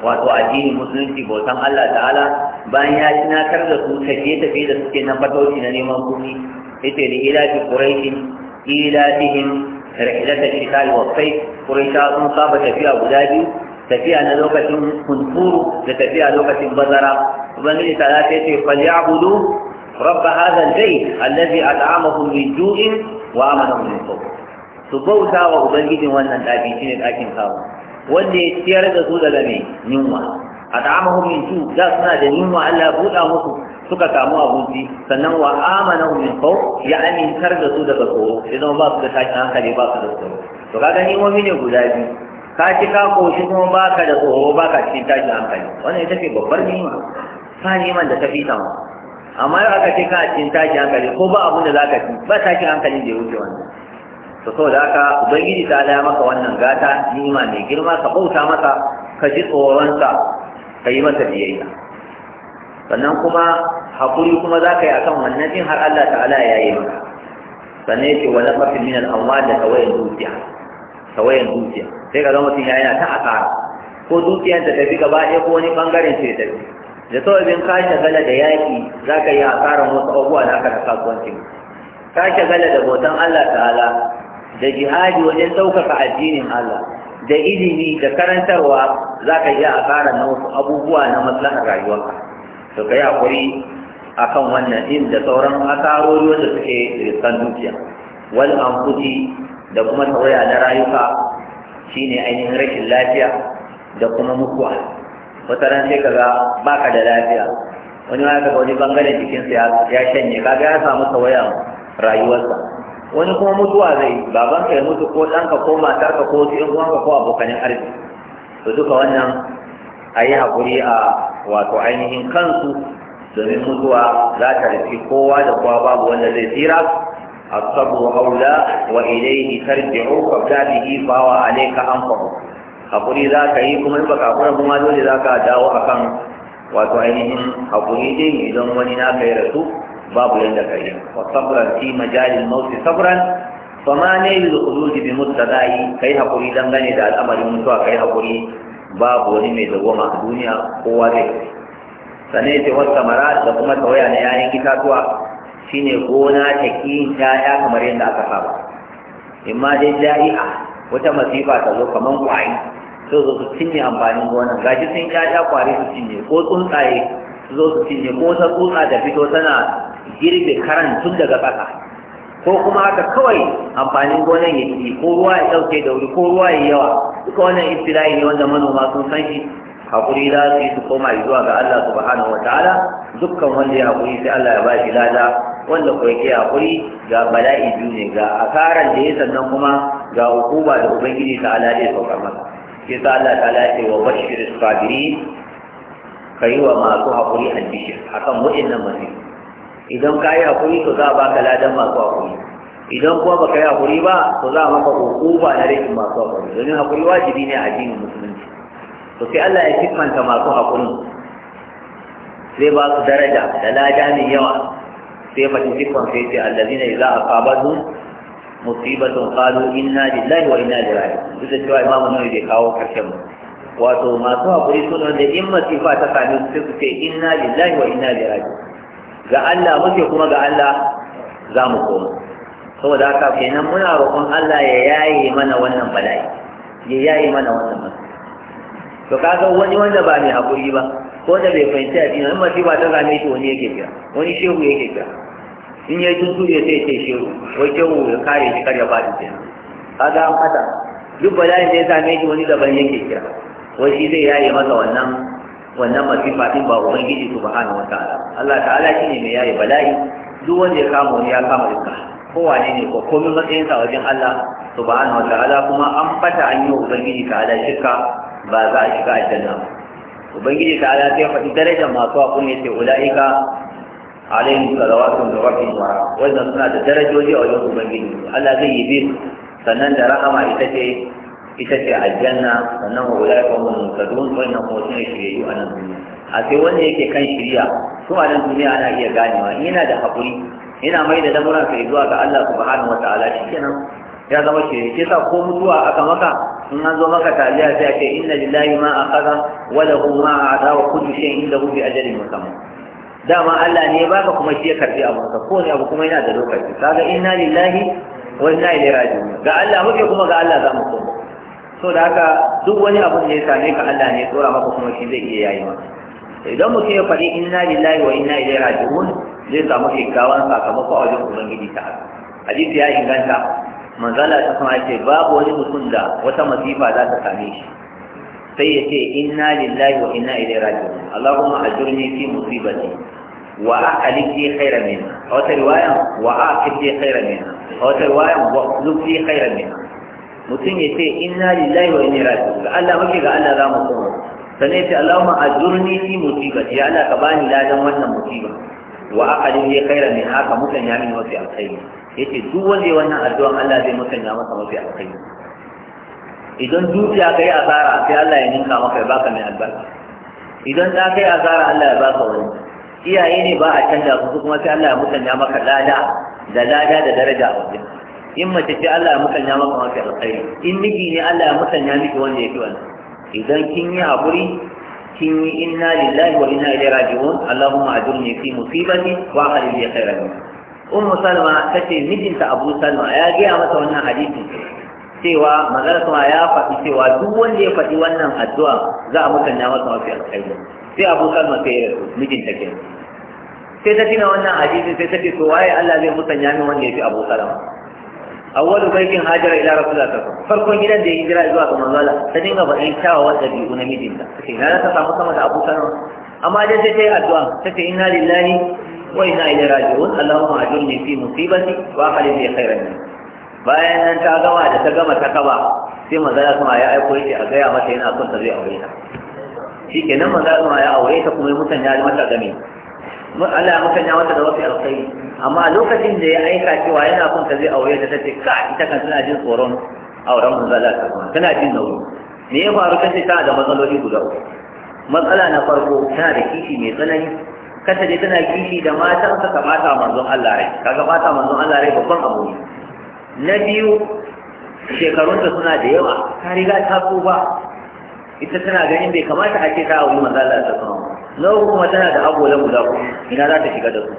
wato addinin musulunci bautan Allah ta'ala bayan ya tunatar da su tafiye-tafiye da suke na fatauci na neman kuɗi yace da ilafi quraishin ilafihim rihlata shitali wa sayf quraisha sun saba tafiya guda biyu tafiya na lokacin hunturu da tafiya lokacin bazara ubangiji ta ce falyabudu رب هذا البيت الذي أدعمهم من جوع وآمنهم من خوف سبوتا وأبنجد وأن الآبيتين الآكين خاوة واللي يتيار رسول لمي نيوما أدعمهم من جوع لا سنة نيوما ألا بودا مصر suka samu abinci sannan wa amana min faw ya amintar da su daga tsoro idan ba su da tashin hankali ba su da tsoro ne guda biyu ka ci ka koshi kuma baka da tsoro baka cikin tashin hankali wannan ita ce babbar nima ta niman da ta fi sama amma yau aka ce a cikin tashin hankali ko ba abun da za ka ci ba tashin hankalin da ya wuce wannan to da haka ubangiji ta laya maka wannan gata ni'ima mai girma ka bauta masa ka ji tsoronsa ka yi masa biyayya sannan kuma hakuri kuma za ka yi akan wannan din har Allah ta'ala ya yi maka sannan ce wani nafafin min al'amwa da tawayen dukiya kawayen dukiya sai ka zama mutum ya yana ta asara ko ta tafi gaba ɗaya ko wani ɓangaren ce tafi da sababin ka gala da yaƙi za ka yi asarar wasu abubuwa da aka da kasuwanci. ka gala da bautan Allah ta'ala da jihadi wajen ɗaukaka addinin Allah da ilimi da karantarwa za ka yi a na wasu abubuwa na maslahar rayuwa. to ka yi haƙuri wannan din da sauran asarori wanda suke riskan dukiya wal amfuti da kuma tawaya na rayuka shine ainihin rashin lafiya da kuma mutuwa wata ran sai kaga baka da lafiya wani ma kaga wani bangaren sa ya shanye kaga ya samu tawayan rayuwarsa wani kuma mutuwa zai babanka ya mutu ko ɗanka ko matarka ko wasu uwan ka ko abokanin arziki to duka wannan a yi hakuri a wato ainihin kansu domin mutuwa za ta rufe kowa da kowa babu wanda zai tsira الصبر أولى وإليه ترجع فابدأ به فهو عليك أنفه hakuri za ka yi kuma yi baka kuma dole za ka dawo kan wato ainihin hakuri dai idan wani na kai rasu babu yadda ka yi wa sabran fi majalin mauti sabran ma ne da bi ka yi hakuri gane da al'amarin mutuwa kai hakuri babu wani mai dawwama a duniya kowa zai sane ce wata mara da kuma tawaya na yayin itatuwa shine gona ta ki ya'ya kamar yadda aka saba ma dai a wata masifa ta zo kamar kwayi sai zo su cinye amfanin gonan gashi sun ƴaƴa kwari su cinye ko tsuntsaye su zo su cinye ko ta tsutsa da fito tana girbe karan tun daga ƙasa ko kuma haka kawai amfanin gonan ya ci ko ruwa ya ɗauke da wuri ko ruwa ya yawa duka wannan ibtila'i ne wanda manoma sun san shi hakuri za su yi su koma zuwa ga Allah subhanahu wa ta'ala dukkan wanda ya hakuri sai Allah ya ba shi lada wanda ko yake hakuri ga bala'i biyu ne ga asaran da ya sannan kuma ga hukuma da ubangiji ta ala ya saukar masa shi sa Allah ta lafi wa bashir sabiri ka yi wa masu haƙuri albishir a kan waɗannan masu idan ka yi haƙuri to za a baka ladan masu haƙuri idan kuma baka yi haƙuri ba to za a maka hukuma na rikin masu haƙuri domin haƙuri wajibi ne a addinin musulunci to sai Allah ya siffanta masu haƙuri sai ba su daraja da lada mai yawa sai fatin siffan sai ce allazina idza aqabatu musibatun qalu inna lillahi wa inna ilaihi raji'un duk da cewa imamu nawawi bai kawo karshen wato masu hakuri suna da in masifa ta same su sai su ce inna lillahi wa inna ilaihi raji'un ga Allah muke kuma ga Allah za mu koma saboda haka kenan muna roƙon Allah ya yaye mana wannan bala'i ya yaye mana wannan matsala to kaga wani wanda ba mai hakuri ba ko da bai fahimci addini wani masifa ta same shi wani yake kira wani shehu yake kira in yayi ya sai ce shi wai kyau ya kare shi kar ya faɗi ce kaga an fata duk ba ne ya same shi wani daban yake kira wai shi zai yaye masa wannan wannan masifa din ba ubangiji subhanahu wataala Allah ta'ala shine mai yaye bala'i duk wanda ya kama wani ya kama duka kowane ne ko komai sa wajen Allah subhanahu wataala kuma an fata an yi wa ubangiji ta'ala shirka ba za a shiga aljanna ubangiji ta'ala sai faɗi darajar masu haƙuri ne sai ula'ika alaihim salawatun da rabbin wa wannan suna da darajoji a wajen ubangiji Allah zai yi bin sannan da rahama ita ce ita ce sannan wa ulai ka mun mutadun wannan ko sun shirye a nan duniya a sai wanda yake kan shirya su a nan ana iya ganewa yana da hakuri yana mai da lamuran kai zuwa ga Allah subhanahu wataala shikenan ya zama shi ne, sa ko mutuwa aka maka in an zo maka taliya sai ake inna lillahi ma akhadha wa lahu ma a'ta wa kullu shay'in lahu bi ajalin musamma dama Allah ne ya baka kuma shi ya karbi abu ka ko ne abu kuma yana da lokaci kaga inna lillahi wa inna ilaihi raji'un ga Allah muke kuma ga Allah za mu koma so da haka duk wani abu da ya same ka Allah ne ya tsora maka kuma shi zai iya yayi maka idan muke ya faɗi inna lillahi wa inna ilaihi raji'un zai samu kyakkyawan sakamako a wajen ubangiji ta hadisi ya inganta manzala ta kuma ce babu wani mutum da wata masifa za ta same shi sai ya ce inna lillahi wa inna ilaihi raji'un allahumma ajurni fi musibati wa a akhlik fi mena! A wata riwaya wa a akhlik fi mena! A wata riwaya wa akhlik fi khairan minha mutum ya ce inna lillahi wa inna ilaihi ga Allah muke ga Allah za mu koma sannan ya ce allahumma ajurni fi musibati ya Allah ka bani ladan wannan musiba wa akhlik fi khairan minha ka mutanya min wasu alkhairi ce duk wanda ya wannan addu'an Allah zai mutanya masa mafi alkhairi idan dukiya yi asara sai Allah ya ninka maka ya baka mai albarka idan ta kai asara Allah ya baka wani iyaye ne ba a canja su kuma sai Allah ya mutanya maka lada da lada da daraja a wajen in mace ce Allah ya mutanya maka mafi alkhairi in miji ne Allah ya mutanya miki wanda ya fi wani idan kin yi haƙuri kin yi inna lillahi wa inna ilaihi raji'un Allahumma ajurni fi musibati wa akhlif li khairan ummu salma tace mijinta abu salma ya gaya mata wannan hadisi cewa manzon sama ya faɗi cewa duk wanda ya faɗi wannan addu'a za a mutanna masa mafi alkhairi sai abu kalma sai ya rasu mijinta ke sai ta tina wannan hadisi sai ta ce to waye Allah zai musanya min wanda ya fi abu kalama awwalu baitin hajara ila rasulullah sallallahu farkon gidan da ya hijira zuwa ga manzala ta dinga bakin kyawawan ɗabi'u na mijinta ta ce na ta samu sama da abu kalama amma dai sai ta yi addu'a ta ce inna lillahi wa inna ilaihi raji'un allahumma ajurni fi musibati wa akhlif li khairan bayan ta gama da ta gama ta kaba sai manzala sama ya aiko yake a gaya mata yana son ta zai aure ta shi ke nan manzala sama ya aure ta kuma ya musanya mata game Allah ya musanya mata da wasu alkhairi amma lokacin da ya aika cewa yana son ta zai aure ta tace ka ita kan tana jin tsoron auren manzala ta kuma tana jin nauyi me ya faru kace tana da matsaloli guda uku matsala na farko tana da kishi mai tsanani kasa dai tana kishi da matan suka bata manzon Allah rai kaga bata manzon Allah rai babban abu ne na biyu shekarunta suna da yawa ta riga ta tsufa ita tana ganin bai kamata a ce ta auri maza Allah ta sama na uku kuma tana da agolan guda ku ina za ta shiga da su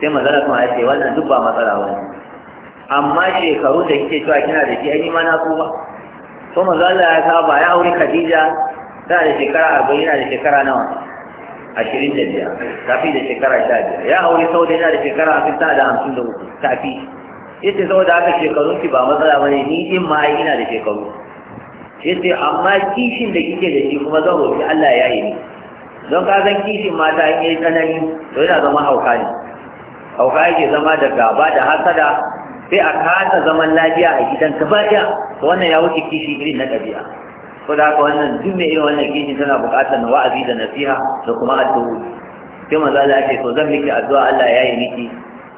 sai maza kuma ya ce wannan duk ba matsala ba amma shekaru da kike cewa kina da shi ai ma na tsufa to maza Allah ya saba ya auri Khadija tana da shekara arba'in yana da shekara nawa ashirin da biyar tafi da shekara sha biyar ya auri Saudi yana da shekara hamsin tana da hamsin da uku tafi yace saboda haka shekarun ki ba matsala bane ni in ma ina da shekaru yace amma kishin da kike da shi kuma zan roki Allah ya yi ni don ka san kishin mata in yayi tsanani to yana zama hauka ne hauka yake zama da gaba da hasada sai a kasa zaman lafiya a gidan ka baya to wannan ya wuce kishi irin na ɗabi'a ko da haka wannan duk mai irin wannan kishin tana buƙatar wa'azi da nasiha da kuma addu'o'i sai manzo Allah ya ce to zan miki addu'a Allah ya yi miki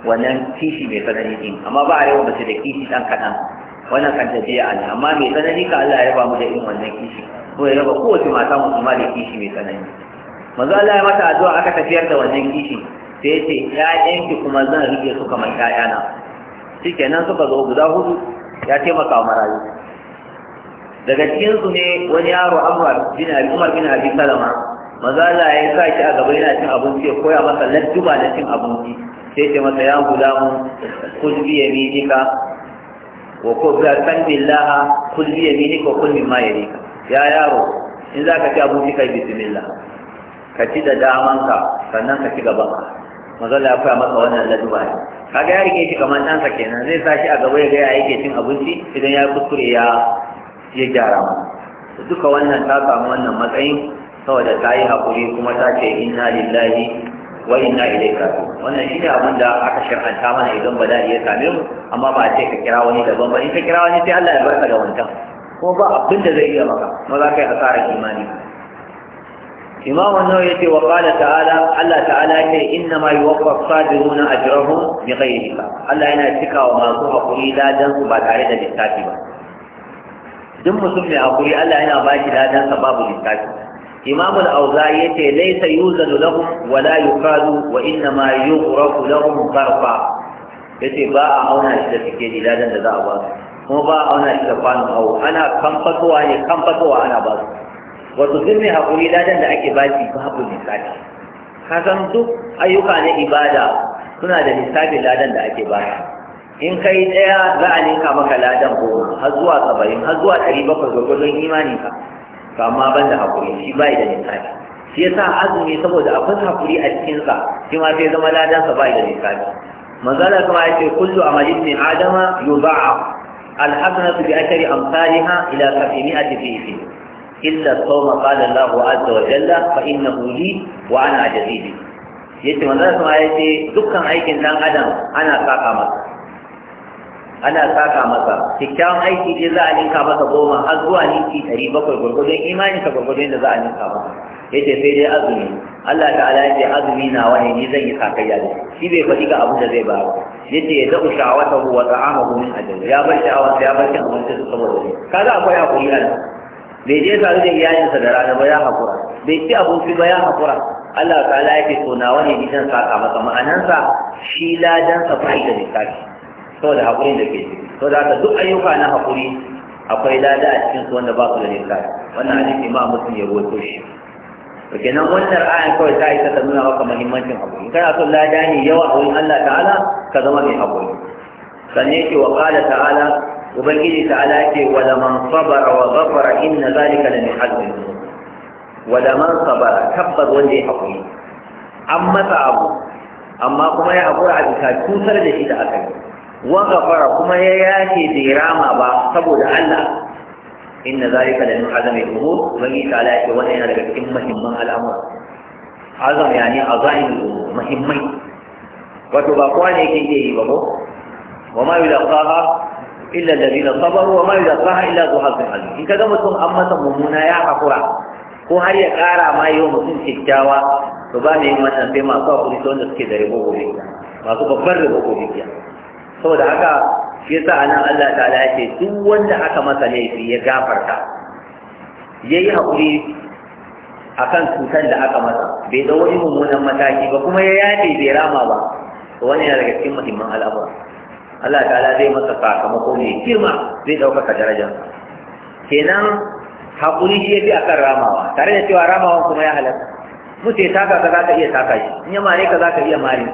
wannan kishi mai tsanani din amma ba a yawan mace da kishi dan kaɗan wannan kan tafiya a ne amma mai tsanani ka Allah ya raba mu da irin wannan kishi ko ya raba kowace mata kuma da kishi mai tsanani manzo Allah ya mata addu'a aka tafiyar da wannan kishi sai ya ce kuma zan rike su kamar ƴaƴana shikenan suka zo guda hudu ya taimaka wa marayu daga cikinsu ne wani yaro Umar bin Abi Umar bin Abi Salama manzo Allah ya sa shi a gaba yana cin abinci ya koya masa ladduba da cin abinci sai ce masa ya gulamu kul bi yaminika wa kul bi sanillah kul bi yaminika wa ma ya rika. ya yaro in za ka ci abinci kai bismillah ka ci da damanka sannan ka ci gaban ka mazalla ya koya masa wannan laduba ne kaga ya rike shi kamar ɗansa kenan zai sa shi a gaba ya ga ya yake cin abinci idan ya kuskure ya ya gyara duka wannan ta samu wannan matsayin saboda ta yi haƙuri kuma ta ce inna lillahi wa inna ilaihi raji'un wannan ne abin da aka shar'anta mana idan bala'i ya same mu amma ba a ce ka kira wani daban ba in ka kira wani sai Allah ya barka da wancan kuma ba abin da zai iya maka ma za ka yi asarar imani إمام النووي وقال تعالى الله تعالى إنما يوفى الصابرون أجرهم بغير حساب الله أنا أتكى وما صحف da دنس ba duk mutum ne مسلم أقولي الله أنا باجي لا دنس babu littafi. imam al-auza'i yace laysa yuzanu lahum wa la yuqalu wa inna ma yughrafu lahum Ya ce ba a auna shi da fike diladan da za a ba kuma ba a auna shi da kwano hawo ana kamfatowa ne kamfatowa ana ba su wato duk mai haƙuri ladan da ake ba shi babu misali ka duk ayyuka na ibada suna da misalin ladan da ake ba in kai ɗaya za a ninka maka ladan goma har zuwa saba'in har zuwa ɗari bakwai gwagwadon imaninka to amma ban da haƙuri shi yi da nisabi shi yasa azumi saboda akwai haƙuri a cikinsa shi ma sai zama ladansa yi da nisabi manzala kuma ya ce kullu amalin ne adama yuba'a alhasanatu bi ashari amsalha ila sab'imi'ati fihi illa sawma qala Allahu azza wa jalla fa innahu li wa ana ajzibi yace manzala kuma ya ce dukkan aikin dan adam ana saka masa ana saka masa kyakkyawan aiki ne za a ninka masa goma har zuwa ninki ɗari bakwai gwargwadon imaninka gwargwadon da za a ninka masa Ya ce sai dai azumi Allah ta'ala ce azumi na wani ni zan yi kakayya da shi bai faɗi ga abin da zai ba yace ya da'u sha'awatahu wa ta'amahu min ajal ya bar sha'awa ya bar shan abinci da saboda Ka za akwai hakuri a nan bai je tare da iyayensa da rana ba ya hakura bai ci abinci ba ya hakura Allah ta'ala ce so na wani ni zan saka masa ma'anansa shi ladansa fa'ida ne kake saboda haƙuri da ke So saboda haka duk ayyuka na haƙuri akwai lada a cikin su wanda ba su da lissafi wannan hadisi ma mutum ya rawaito shi to kenan wannan ayan kawai ta isa ta nuna maka muhimmancin haƙuri kana son lada ne yawa a wurin Allah ta'ala ka zama mai haƙuri sannan yake wa qala ta'ala ubangiji ta'ala yake wa man sabara wa ghafara inna zalika la min hazmi wa man sabara tabbas wanda ya haƙuri an matsa abu amma kuma ya haƙura a bisa cutar da shi da aka yi wa gafara kuma ya yace bai ba saboda Allah inna zalika la min azami al-umur wa yi ta'ala yake wannan yana daga cikin muhimman al'amura azam yani azaim al-umur muhimmai wato ba kowa ne yake iya yi ba ko wa ma yulaqaha illa alladhina sabaru wa ma in mutum an masa mummuna ya hakura ko har ya kara ma wa mutum kyakkyawa to ba ne yin wannan sai masu hakuri ta wanda suke da rabo gobe masu babban rabo gobe saboda haka shi yasa anan Allah ta'ala ya ce duk wanda aka masa laifi ya gafarta yayi hakuri akan cutar da aka masa bai da wani mummunan mataki ba kuma ya yafe bai rama ba wani yana daga cikin muhimman al'amura Allah ta'ala zai masa sakamako mai girma zai ɗaukaka darajarsa kenan haƙuri shi yafi akan ramawa tare da cewa ramawan kuma ya halatta mutu ya taka ka za ka iya taka shi in ya mare ka za ka iya mare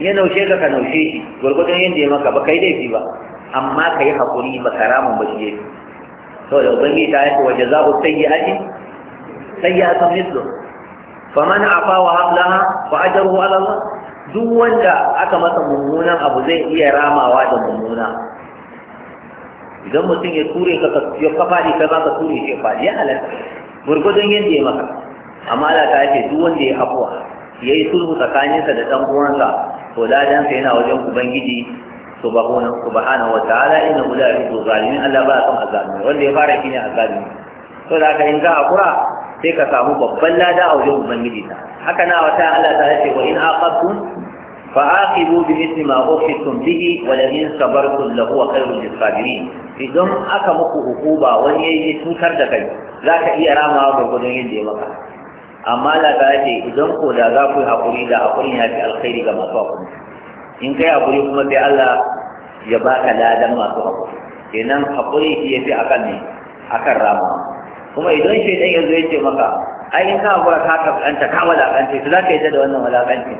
ya naushe ka ka naushe shi gwargwadon yadda ya maka ba kai laifi ba amma ka yi haƙuri ba karamin ba shi yake saboda ubangiji ta yake waje za ku sayi aji sayi a kan mislo faman afa wa hablaha fa ajaru ala Allah duk wanda aka masa mummunan abu zai iya ramawa da mummuna idan mutum ya ture ka ya kafa ne ka ka ture shi fa ya halatta gwargwadon yadda ya maka amma ala ta ce duk wanda ya Ya yayi sulhu tsakaninsa da ɗan uwansa Ko ladan sa yana wajen ubangiji subhanahu subhanahu wa ta'ala inna la yuhibbu zalimin Allah ba son azalimi wanda ya fara shine azalimi to da haka in za a kura sai ka samu babban lada a wajen ubangiji ta haka na wata Allah ta ce wa in aqabtum فعاقبوا بمثل ما أخذتم به ولئن صبرتم لهو خير للصابرين idan aka muku hukuba wani ya yi cutar da kai za ka iya ramawa gwargwadon yadda ya maka amma da ka ce idan ko da za ku yi haƙuri da haƙurin ya fi alkhairi ga masu haƙuri in kai haƙuri kuma sai Allah ya baka ladan masu haƙuri kenan haƙuri shi ya fi akan ne akan rama kuma idan shi dan yanzu ya ce maka ai in ka haƙura ka kaskanta ka walaƙanta su za ka yi da wannan walaƙanci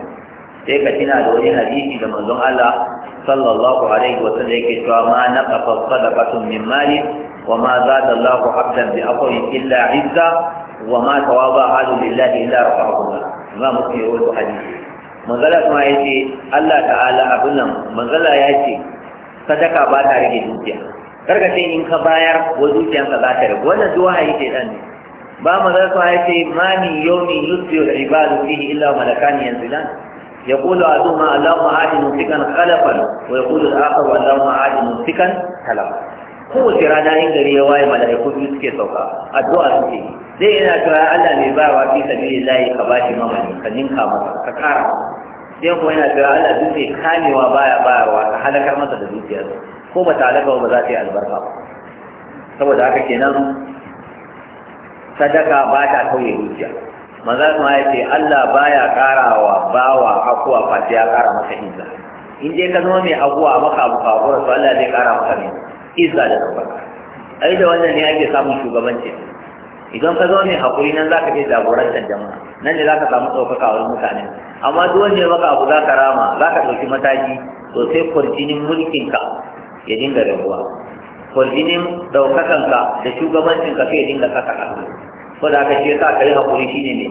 sai ka tuna da wani hadisi da manzon Allah sallallahu alaihi wa sallam yake cewa ma naqafa sadaqatun min mali wa ma zada Allahu abdan bi aqwi illa izza wa ma tawaba hadu lillahi illa rafahu Allah amma mutum ya manzala kuma ya ce Allah ta'ala abin nan manzala ya ce sadaka ba ta rage dukiya karka ce in ka bayar wa dukiyanka za ta rage wannan duwa ya ce dan ne ba manzala kuma ya ce ma min yawmin yusbihu al-ibadu fihi illa malakani yanzilan يقول أدوما اللهم عاد ممسكا خلفا ويقول الآخر اللهم عاد ممسكا خلفا kowace rana in gari ya waye mala'iku biyu suke sauka addu'a suke zai yana cewa Allah ne ba wa fi lahi ka bashi mamani ka ninka masa ka kara sai kuma yana cewa Allah duk mai kamewa baya bayarwa ka halakar masa da dukiyar ko ba ta halaka ba za ta yi albarka ba saboda haka kenan sadaka ba ta kauye dukiya maza kuma ya ce Allah baya karawa bawa akuwa fati ya kara masa hinza in dai ka zama mai abuwa maka abu kawura to Allah zai kara maka ne isa da ɗaukaka yi da wannan ne ake samun shugabanci idan ka zo ne haƙuri nan za ka iya jagorantar jama'a nan ne za ka samu ɗaukaka a wurin mutane amma duk wanda ya maka abu za ka rama za ka ɗauki mataki to sai kwarjinin mulkinka ya dinga rabuwa kwarjinin ɗaukakanka da shugabancinka sai ya dinga kasa ƙasa ko da aka ce sa ka yi haƙuri shine ne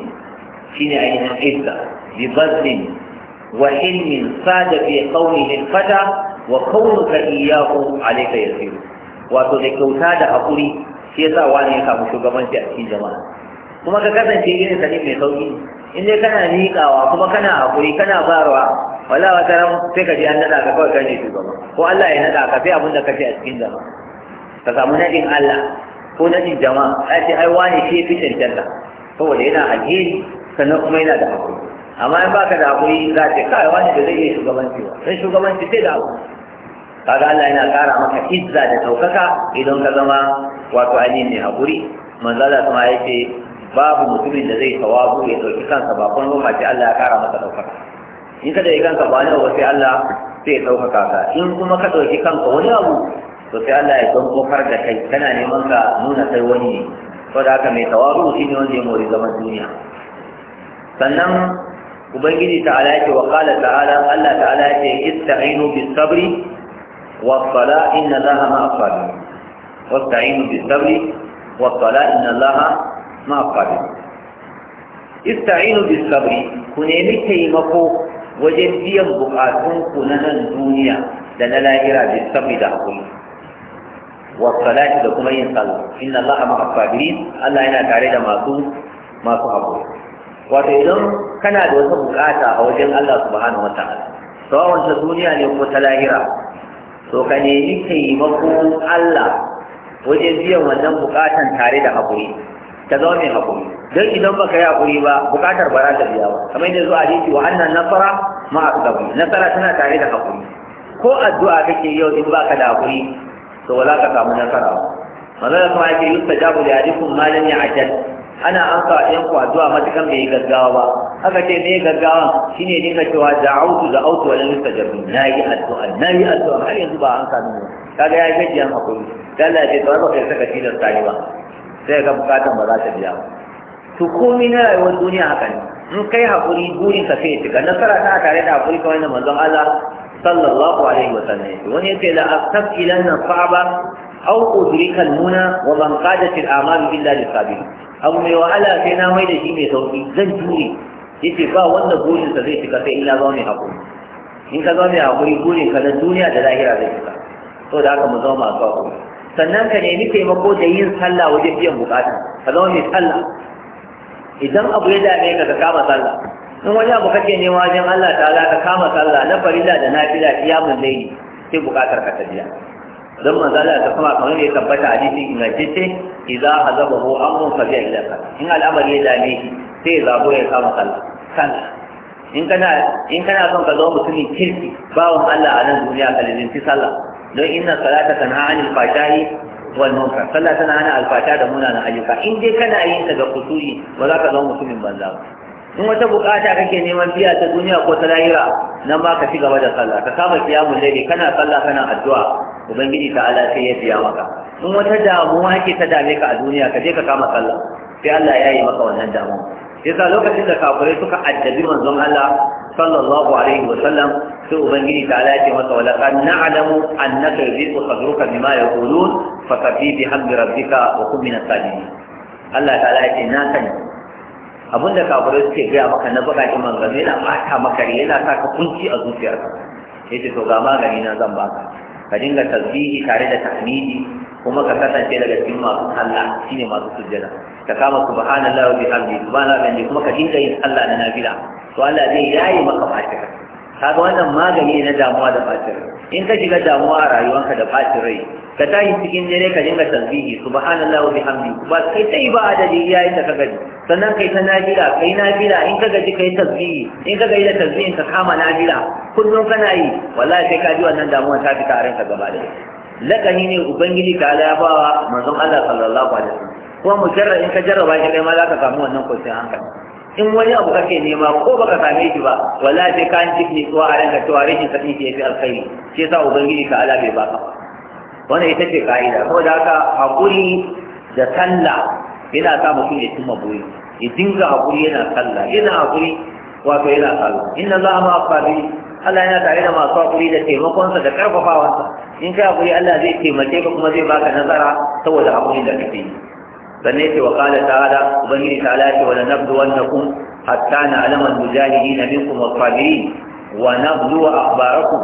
shi ne ainihin izza bi bazlin wa hilmin sada fi fata wa kaunuka iyahu alayka yasiru wato da kyauta da hakuri shi yasa wani ya samu shugabanci a cikin jama'a kuma ka kasance irin sani mai sauki in dai kana miƙawa kuma kana hakuri kana barwa wala wa ran sai ka ji an naɗa ka kawai kai shugaba ko Allah ya naɗa ka sai abin da ka ce a cikin jama'a ka samu naɗin Allah ko naɗin jama'a ya ce ai wani shi ya fi cancanta saboda yana alheri sannan kuma yana da hakuri amma in baka da hakuri za ce kai wani da zai iya shugabanci ba sai shugabanci sai da hakuri kaga Allah yana ƙara maka izza da ɗaukaka idan ka zama wato ainihin mai haƙuri manzo Allah kuma ya ce babu mutumin da zai tawabu ya ɗauki kansa ba kun rufa ce Allah ya ƙara maka ɗaukaka in ka ɗauki kanka ba ne ba sai Allah zai ya ɗaukaka ka in kuma ka ɗauki kanka wani abu to sai Allah ya don kofar da kai kana neman ka nuna kai wani ne saboda haka mai tawabu, shi ne wanda ya mori zaman duniya sannan ubangiji ta'ala ya ce wa qala ta'ala Allah ta'ala ya ce ista'inu bis sabri والصلاة إن الله ما الصابرين واستعينوا بالصبر والصلاة إن الله ما الصابرين استعينوا بالصبر كنيمي تيمكو وجن بيان بقاتون كننا الدنيا لنا لا إرادة الصبر ده والصلاة لكم أين صلى إن الله مع الصابرين الله إنا تعالى ما أقول ما أقول وإذن كان هذا بقاتا أوجن الله سبحانه وتعالى سواء دنيا لكم تلاهرا to ka nemi taimakon Allah wajen biyan wannan bukatan tare da haƙuri ta zama mai haƙuri don idan baka yi haƙuri ba bukatar ba za ta biya ba kamar yadda zuwa hadisi wa annan nasara ma asbabu nasara tana tare da haƙuri ko addu'a kake yau in baka da haƙuri to wala ka samu nasara ba manzo da kuma yake yusta jabu da yadikum ma lam ya'jal ana anka sa yan kwaduwa matukan bai gaggawa ba haka ce me gaggawa shine dinga cewa da autu da'autu da'autu wa lam na yi addu'a na yi addu'a har yanzu ba an samu kaga ya gaji an hakuri Allah ya ce ba kai saka tilas tani ba sai ka bukatan ba za ta biya to komai na rayuwar duniya haka ne in kai hakuri burin ka sai shiga, nasara ta tare da hakuri kawai da manzon Allah sallallahu alaihi wa sallam, wani yace la astaqilanna sa'aba aw udrika al-muna wa man qadat al-amal illa lis abu mai wahala sai na mai da shi mai sauki zan jure ce ba wanda burinsa zai cika sai ina zama mai haƙuri in ka zama mai haƙuri burin ka na duniya da lahira zai cika to da haka mu zama masu haƙuri sannan ka nemi taimako da yin sallah wajen biyan bukata ka zama mai sallah idan abu ya dame ka ka kama sallah in wani abu kake nema wajen Allah ta'ala ka kama sallah na farilla da nafila iya mun laili sai bukatar ka ta biya don manzala ta kuma kamar ya tabbata a jikin ingantacce idza hazaba hu amrun fa a ilaka in al'amari ya dame shi sai ya zabo ya samu kansa in kana son ka zo mutumin kirki bawon Allah a nan duniya ka lizinci sallah don inna salata tanha anil fahsha'i wal munkar sallah tana hana alfata da munanan ayyuka in dai kana yin ta ga kusuri ba za ka zo mutumin banza ba in wata bukata kake neman biya ta duniya ko ta lahira nan ba ka ci gaba da sallah ka kama kiyamun laili kana sallah kana addu'a ubangiji ta ala sai ya biya maka in wata damuwa ke ta dame ka a duniya ka je ka kama sallah sai Allah ya yi maka wannan damuwa yasa lokacin da kafirai suka addabi manzon Allah sallallahu alaihi wa sallam sai ubangiji ta ala ya ce masa wala qad na'lamu annaka yuziqu sadruka bima yaqulun fa bi hamdi rabbika wa kun min as-sajidin Allah ta'ala ya ce na sani da kafirai suke gaya maka na baƙaƙen manzanni yana ɓata maka yana sa ka kunci a zuciyarka yace to ga magani na zan baka ka dinga tasbihi tare da tahmidi kuma ka kasance daga cikin masu sallah shine masu sujjada ka kama subhanallahi wa bihamdihi subhanallahi kuma ka dinga yin sallah na nafila to Allah zai yayi maka fatiha kaga wannan magani na damuwa da fatir in ka shiga damuwa a rayuwanka da fatir rai ka tashi cikin dare ka dinga tasbihi subhanallahi wa bihamdihi ba kai sai ba adadi da ta kaga sannan kai ta nafila kai nafila in ka gaji kai tasbihi in ka gaji da tasbihin ka kama nafila kullum kana yi wallahi sai ka ji wannan damuwa ta fita a ranka gaba da lakani ne ubangiji ka ala bawa manzon Allah sallallahu alaihi wasallam kuma mujarrad in ka jarraba shi kai ma za ka samu wannan kwanciyar hankali in wani abu kake nema ko baka same shi ba wallahi sai ka ji ne ko a ranka to rashin sanin ke fi alkhairi sai sa ubangiji ka ala bai baka wannan ita ce ka'ida ko da haka hakuri da sallah yana sa mutum ya cimma buri ya dinga hakuri yana sallah yana hakuri wato yana sallah inna allaha ma aqabi Allah yana tare da masu hakuri da taimakonsa da karfafawansa in ka hakuri Allah zai taimake ka kuma zai baka nazara saboda hakuri da kake yi sannan ce wa kala ta'ala ubangiji ta'ala ce wa lanabdu wannakum hatta na alaman mujahidin minkum wa sabirin wa nabdu wa akhbarakum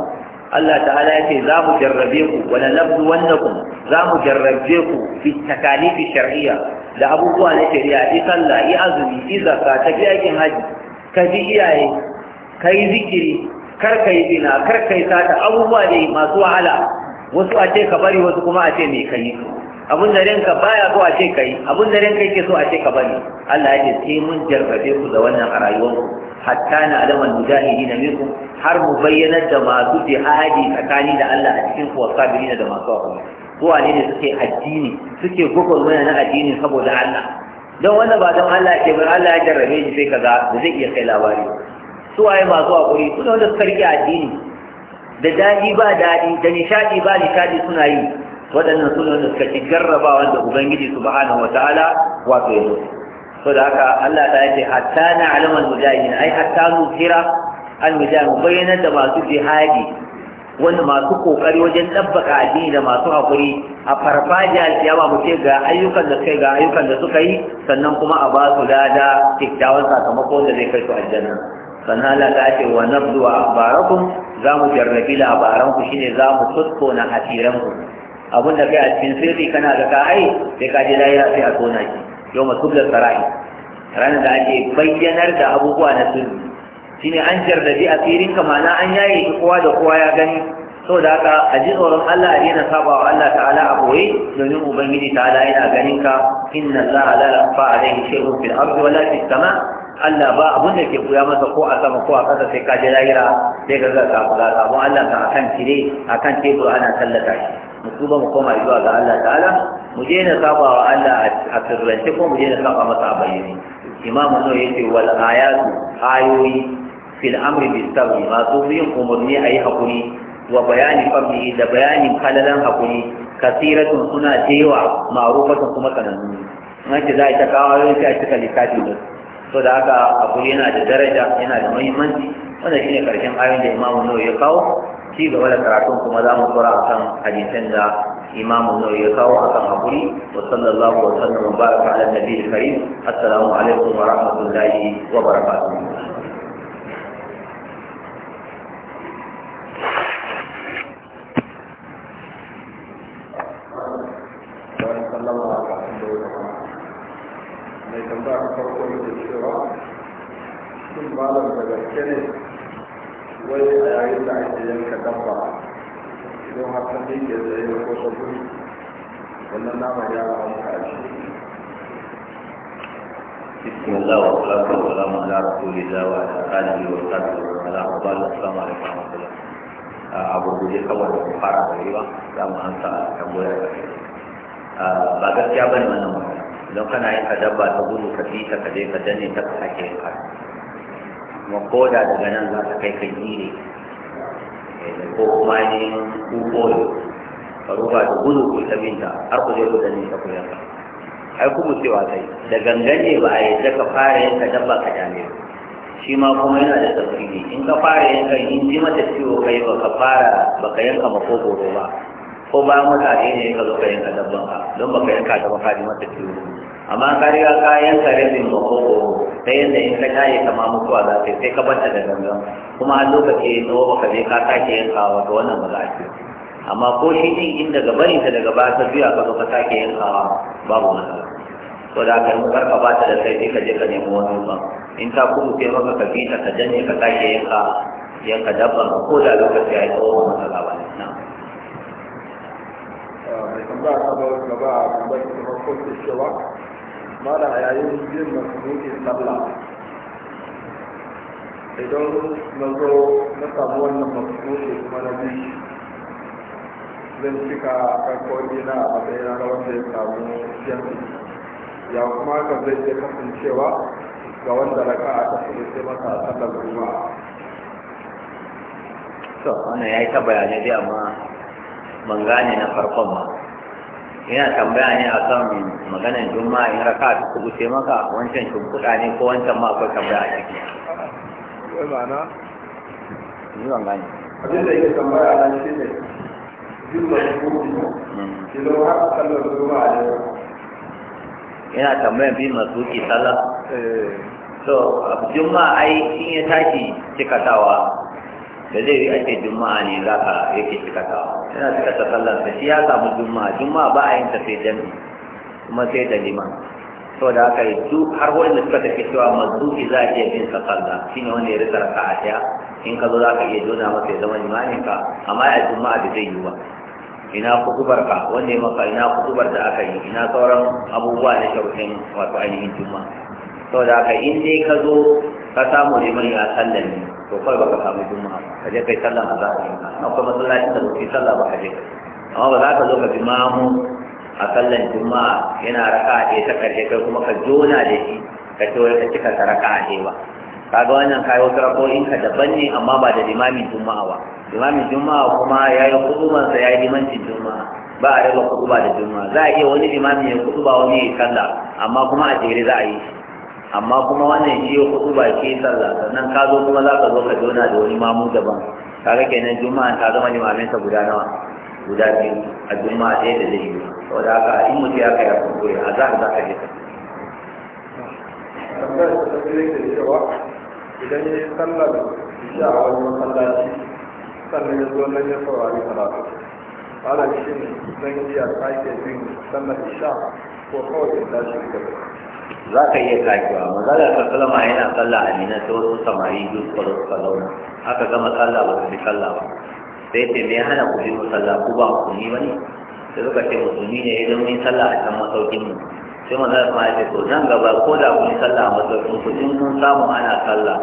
Allah ta'ala ya ce za mu jarrabe ku wa nabdu wannan kun, za mu jarrabe ku fi takalifi shar'iyya da abubuwa na shari'a yi sallah yi azumi yi zakka tafi aikin haji ka ji iyaye ka yi zikiri kar ka yi zina kar ka yi sata abubuwa ne masu wahala wasu a ce ka bari wasu kuma a ce me kai abun da ranka baya so a ce kai abun da ranka yake so a ce ka bari Allah ya ce sai mun jarrabe ku da wannan a ku hatta na alaman mujahidi na minku har mu bayyanar da masu jihadi tsakani da Allah a cikin ku sabirina da masu hakuri ko ne suke addini suke gwagwarmaya na addini saboda Allah don wannan ba don Allah ke bar Allah ya jarrabe shi sai kaza da zai iya kai labari su waye masu hakuri su da wanda suka rike addini da daɗi ba daɗi da nishaɗi ba nishaɗi suna yi waɗannan suna da suka ci jarrabawa da ubangiji subhanahu wata'ala wato ya so da haka Allah ta ce, hatta na alaman mujahidin ai hatta nufira al mujahidin bayyana da masu jihadi wanda masu kokari wajen ɗabbaka addini da masu haƙuri a farfajiya alkiyama mu ce ga ayyukan da suka yi ga ayyukan da suka yi sannan kuma a ba su lada kyakkyawan sakamako da zai kai su aljanna sannan Allah ta ce wa nabdu akhbarakum za mu jarrabi a ku shine za mu tuskona hasiranku. abin da kai a cikin sirri kana da ka ai sai ka je lahira sai a tona ki yau masublar sarai ranar da ake bayyanar da abubuwa na sirri shine an jarrabi asirin ka ma'ana an yaye kowa da kowa ya gani saboda haka a ji tsoron Allah a daina saba wa Allah ta'ala a boye domin ubangiji ta'ala yana ganin ka inna Allah la yakhfa alayhi shay'un fil ardi wala fis sama' Allah ba abin da ke buya masa ko a sama ko a ƙasa sai ka je lahira sai ka ga ka ga sabon Allah ka akan tire akan tebur ana tallata shi mu tuba mu koma zuwa ga Allah ta'ala mu je na saba wa Allah a sirrance ko mu je na saba masa a bayyane imam no yace wal ayatu ayoyi fil amri bis sabri ma su yin umurni ayi hakuri wa bayani fadli da bayanin kalalan hakuri kasiratun suna da ma'rufatun kuma sanannu ce za a ta kawo sai a cika littafin da su so da haka abu yana da daraja yana da muhimmanci wanda shine karshen ayoyin da imamu nawawi ya kawo ci gaba da karatun kuma za mu kura akan hadisan da imamu nawawi ya kawo akan hakuri wa sallallahu wa sallam wa baraka ala nabiyil karim assalamu alaikum wa rahmatullahi wa barakatuh Thank you. يعني كان بعد فترة الشراء ثم بعد ما تمكنت ويعيد عند ايام كتبع يوم حقيقة زي ما هو صدري ولا نعم يا بسم الله والصلاة والسلام على رسول الله وعلى آله وصحبه وعلى أفضل السلام عليكم ورحمة الله abu guje kawai da kuma fara da riwa za mu hanta don kana yin ka dabba ta gudu ka fi ka je ka danne ta ka sake ka kuma koda daga nan za ta kai ka yi ne ko kuma ne kukoyo ka ruba da gudu ku ta binta har ku je ku danne ta ku yanka ai kuma cewa kai da gangane ba a da ka fara yin ka dabba ka dame shi ma kuma yana da tafsiri in ka fara yin kai in ji mata ciwo kai ba ka fara ba ka yanka makogoro ba ko ba mutane ne ka zo ka yanka dabban ka don ba ka yanka ta ba ka ji mata ciwo amma ka riga ka yanka rabin makoko ta yadda in ka tashi kama mutuwa za ka sai ka banta da gangan kuma a lokaci ya tsawo baka je ka sake yankawa to wannan ba za a ce amma ko shi din in daga barin ta daga baya ta biya ka ka sake yankawa babu matsala ko da ka kar ka bata da kai sai ka je ka nemi wani ba in ta kuma sai maka ka bi ta ka janye ka sake yanka yanka dabban ko da lokaci ya tsawo ba matsala ba ne mai tambaya ta gaba a tambayar kuma ko cewa mara yayin yin masaukin sallah idan na zo na samu wannan masaukin kuma na bi zan cika karkoki na a matsayin na wanda ya samu yanzu ya kuma ka zai iya kasancewa ga wanda raka a ta fi sai masa a sallar ruwa to wannan ya yi ta bayanai dai amma ban gane na farkon ba yana tambaya ne a kan maganar juma'a in raka ta kubu ce maka wancan shimfiɗa ne ko wancan ma akwai tambaya a ciki wai ma'ana zuwan gani abin da yake tambaya a shi ne jumla kubu ke zama har a sallar juma'a ne yana tambayan bi masuki sallah eh. So, juma'a ai in ya tashi cikatawa da zai yi ake juma'a ne za ka yake cikatawa yana suka ta sallarsa shi ya samu juma juma ba a yin tafiye sai kuma sai da lima sau da aka yi duk har wani da suka tafi cewa mazuki za a iya bin sa sallah shi ne wanda ya rika raka a ɗaya in ka zo za ka iya jona masa ya zama limanin ka amma ya juma da zai yi ba ina kutubar ka wanda ya maka ina kutubar da aka yi ina sauran abubuwa na sharuɗin wato ainihin juma sau da aka in dai ka zo ka samu liman ya ne to kawai baka samu juma'a ka je kai sallan azhar na kuma masallacin da kuke sallah ba ka amma ba za ka zo ka bi mamu a sallan juma'a yana raka a ta karshe kai kuma ka jona da shi ka ce wai ka cika ka raka a ba Ka ga wannan kai wasu in ka daban ne amma ba da limamin juma'a ba limamin juma'a kuma ya yi kudubansa ya yi limancin juma'a ba a raba ba da juma'a za a iya wani limamin ya ba wani ya kalla amma kuma a jere za a yi amma kuma wannan shi hudu ba ke sallah sannan ka zo kuma za ka zo ka jona da wani mamu daban kaga kenan juma'a ta zama limamin ka guda nawa guda biyu a juma'a ɗaya da zai yi saboda haka in mutum ya kai a ya a za ka za ka je ka idan ya yi sallar shi a wani masallaci sannan ya zo nan ya saurari karatu shi ne zan iya sake bin sallar isha ko kawai ya tashi gaba za ka iya kakewa mazalar ma yana kalla a nina ta wasu samari biyu suka zo suka zauna aka gama kalla ba su bi kalla ba sai ce me hana ku bi musalla ku ba musulmi ba ne sai suka ce musulmi ne idan mun salla a can masaukin mu sai mazalar ma ya ce to nan gaba ko da kun salla a masaukin ku in kun samu ana kalla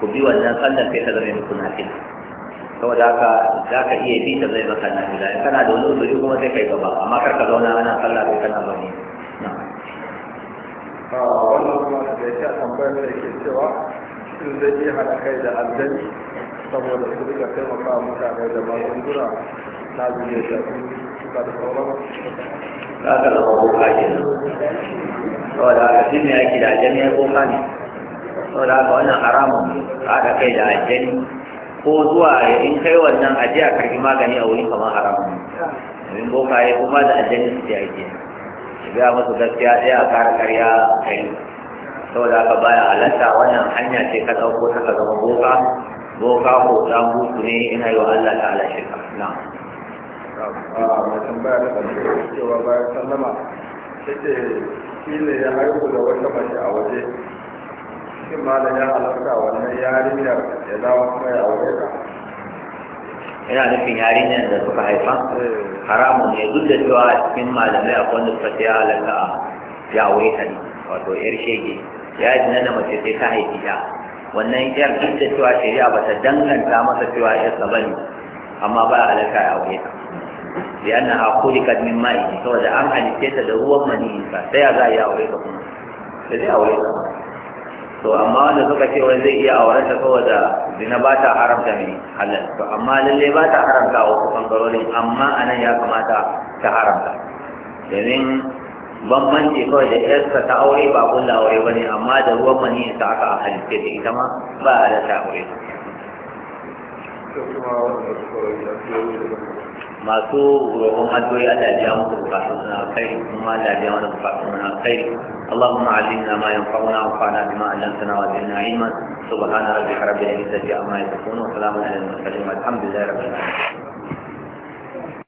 ku bi wannan sallah sai ta zama muku nafila saboda haka za ka iya bi ta zai maka nafila in kana da wani kuma sai kai gaba amma karka zauna ana sallah sai kana zaune na'am a wannan kuma da ya sha tambayar da yake cewa shin zai iya hana kai da aljani saboda su rika taimaka mutane da magunguna na zuwa shafi suka da sauran ka ka zama boka ke nan saboda haka shi ne yake da aljani ya boka ne saboda haka wannan haramun ka haɗa kai da aljani ko zuwa in kai wannan ajiya a karɓi magani a wurin kamar haramun domin boka ya kuma da aljani su ya ke ga masu gaskiya ɗaya a kara karya kai saboda haka baya halatta wannan hanya ce ka ɗauko ta ka zama boka boka ko ɗan hutu ne ina yi wa Allah ta'ala shirka na ah, mai tambaya da ɗan cewa bayan sallama take shi ne ya haihu da wata mace a waje ma malam ya halarta wannan yarinyar ya dawo kuma ya aure ka yana nufin ne da suka haifa haramun ne duk da cewa cikin malamai a kwanu ta ce halaka a yawai ta ne wato yar shege ya yi nan da mace sai ta haifi ta wannan yar duk da cewa shari'a ba ta danganta masa cewa yar sa bane amma ba halaka ya wai ta lianna ha khuliqat min ma'in saboda an halitta ta da ruwan maniyi ba sai ya za ya aure ka kuma sai a aure ka to amma wanda suka ce wani zai iya auren ta saboda zina ba ta haramta mai halal to amma lalle ba ta haramta a wasu ɓangarorin amma a nan ya kamata ta haramta domin bambanci kawai da yarsa ta aure ba kulla aure ba ne amma da ruwan mani ta aka a halitta da ita ma ba a da ta aure. masu roƙon addu'o'i Allah ya muku bukatun na kai kuma Allah ya wani bukatun na kai Allahumma allimna na yanfa'una wa fa'na bima 'allamtana wa zidna 'ilma subhana rabbika rabbil izzati amma yasifun wa salamun 'alal mursalin walhamdulillahi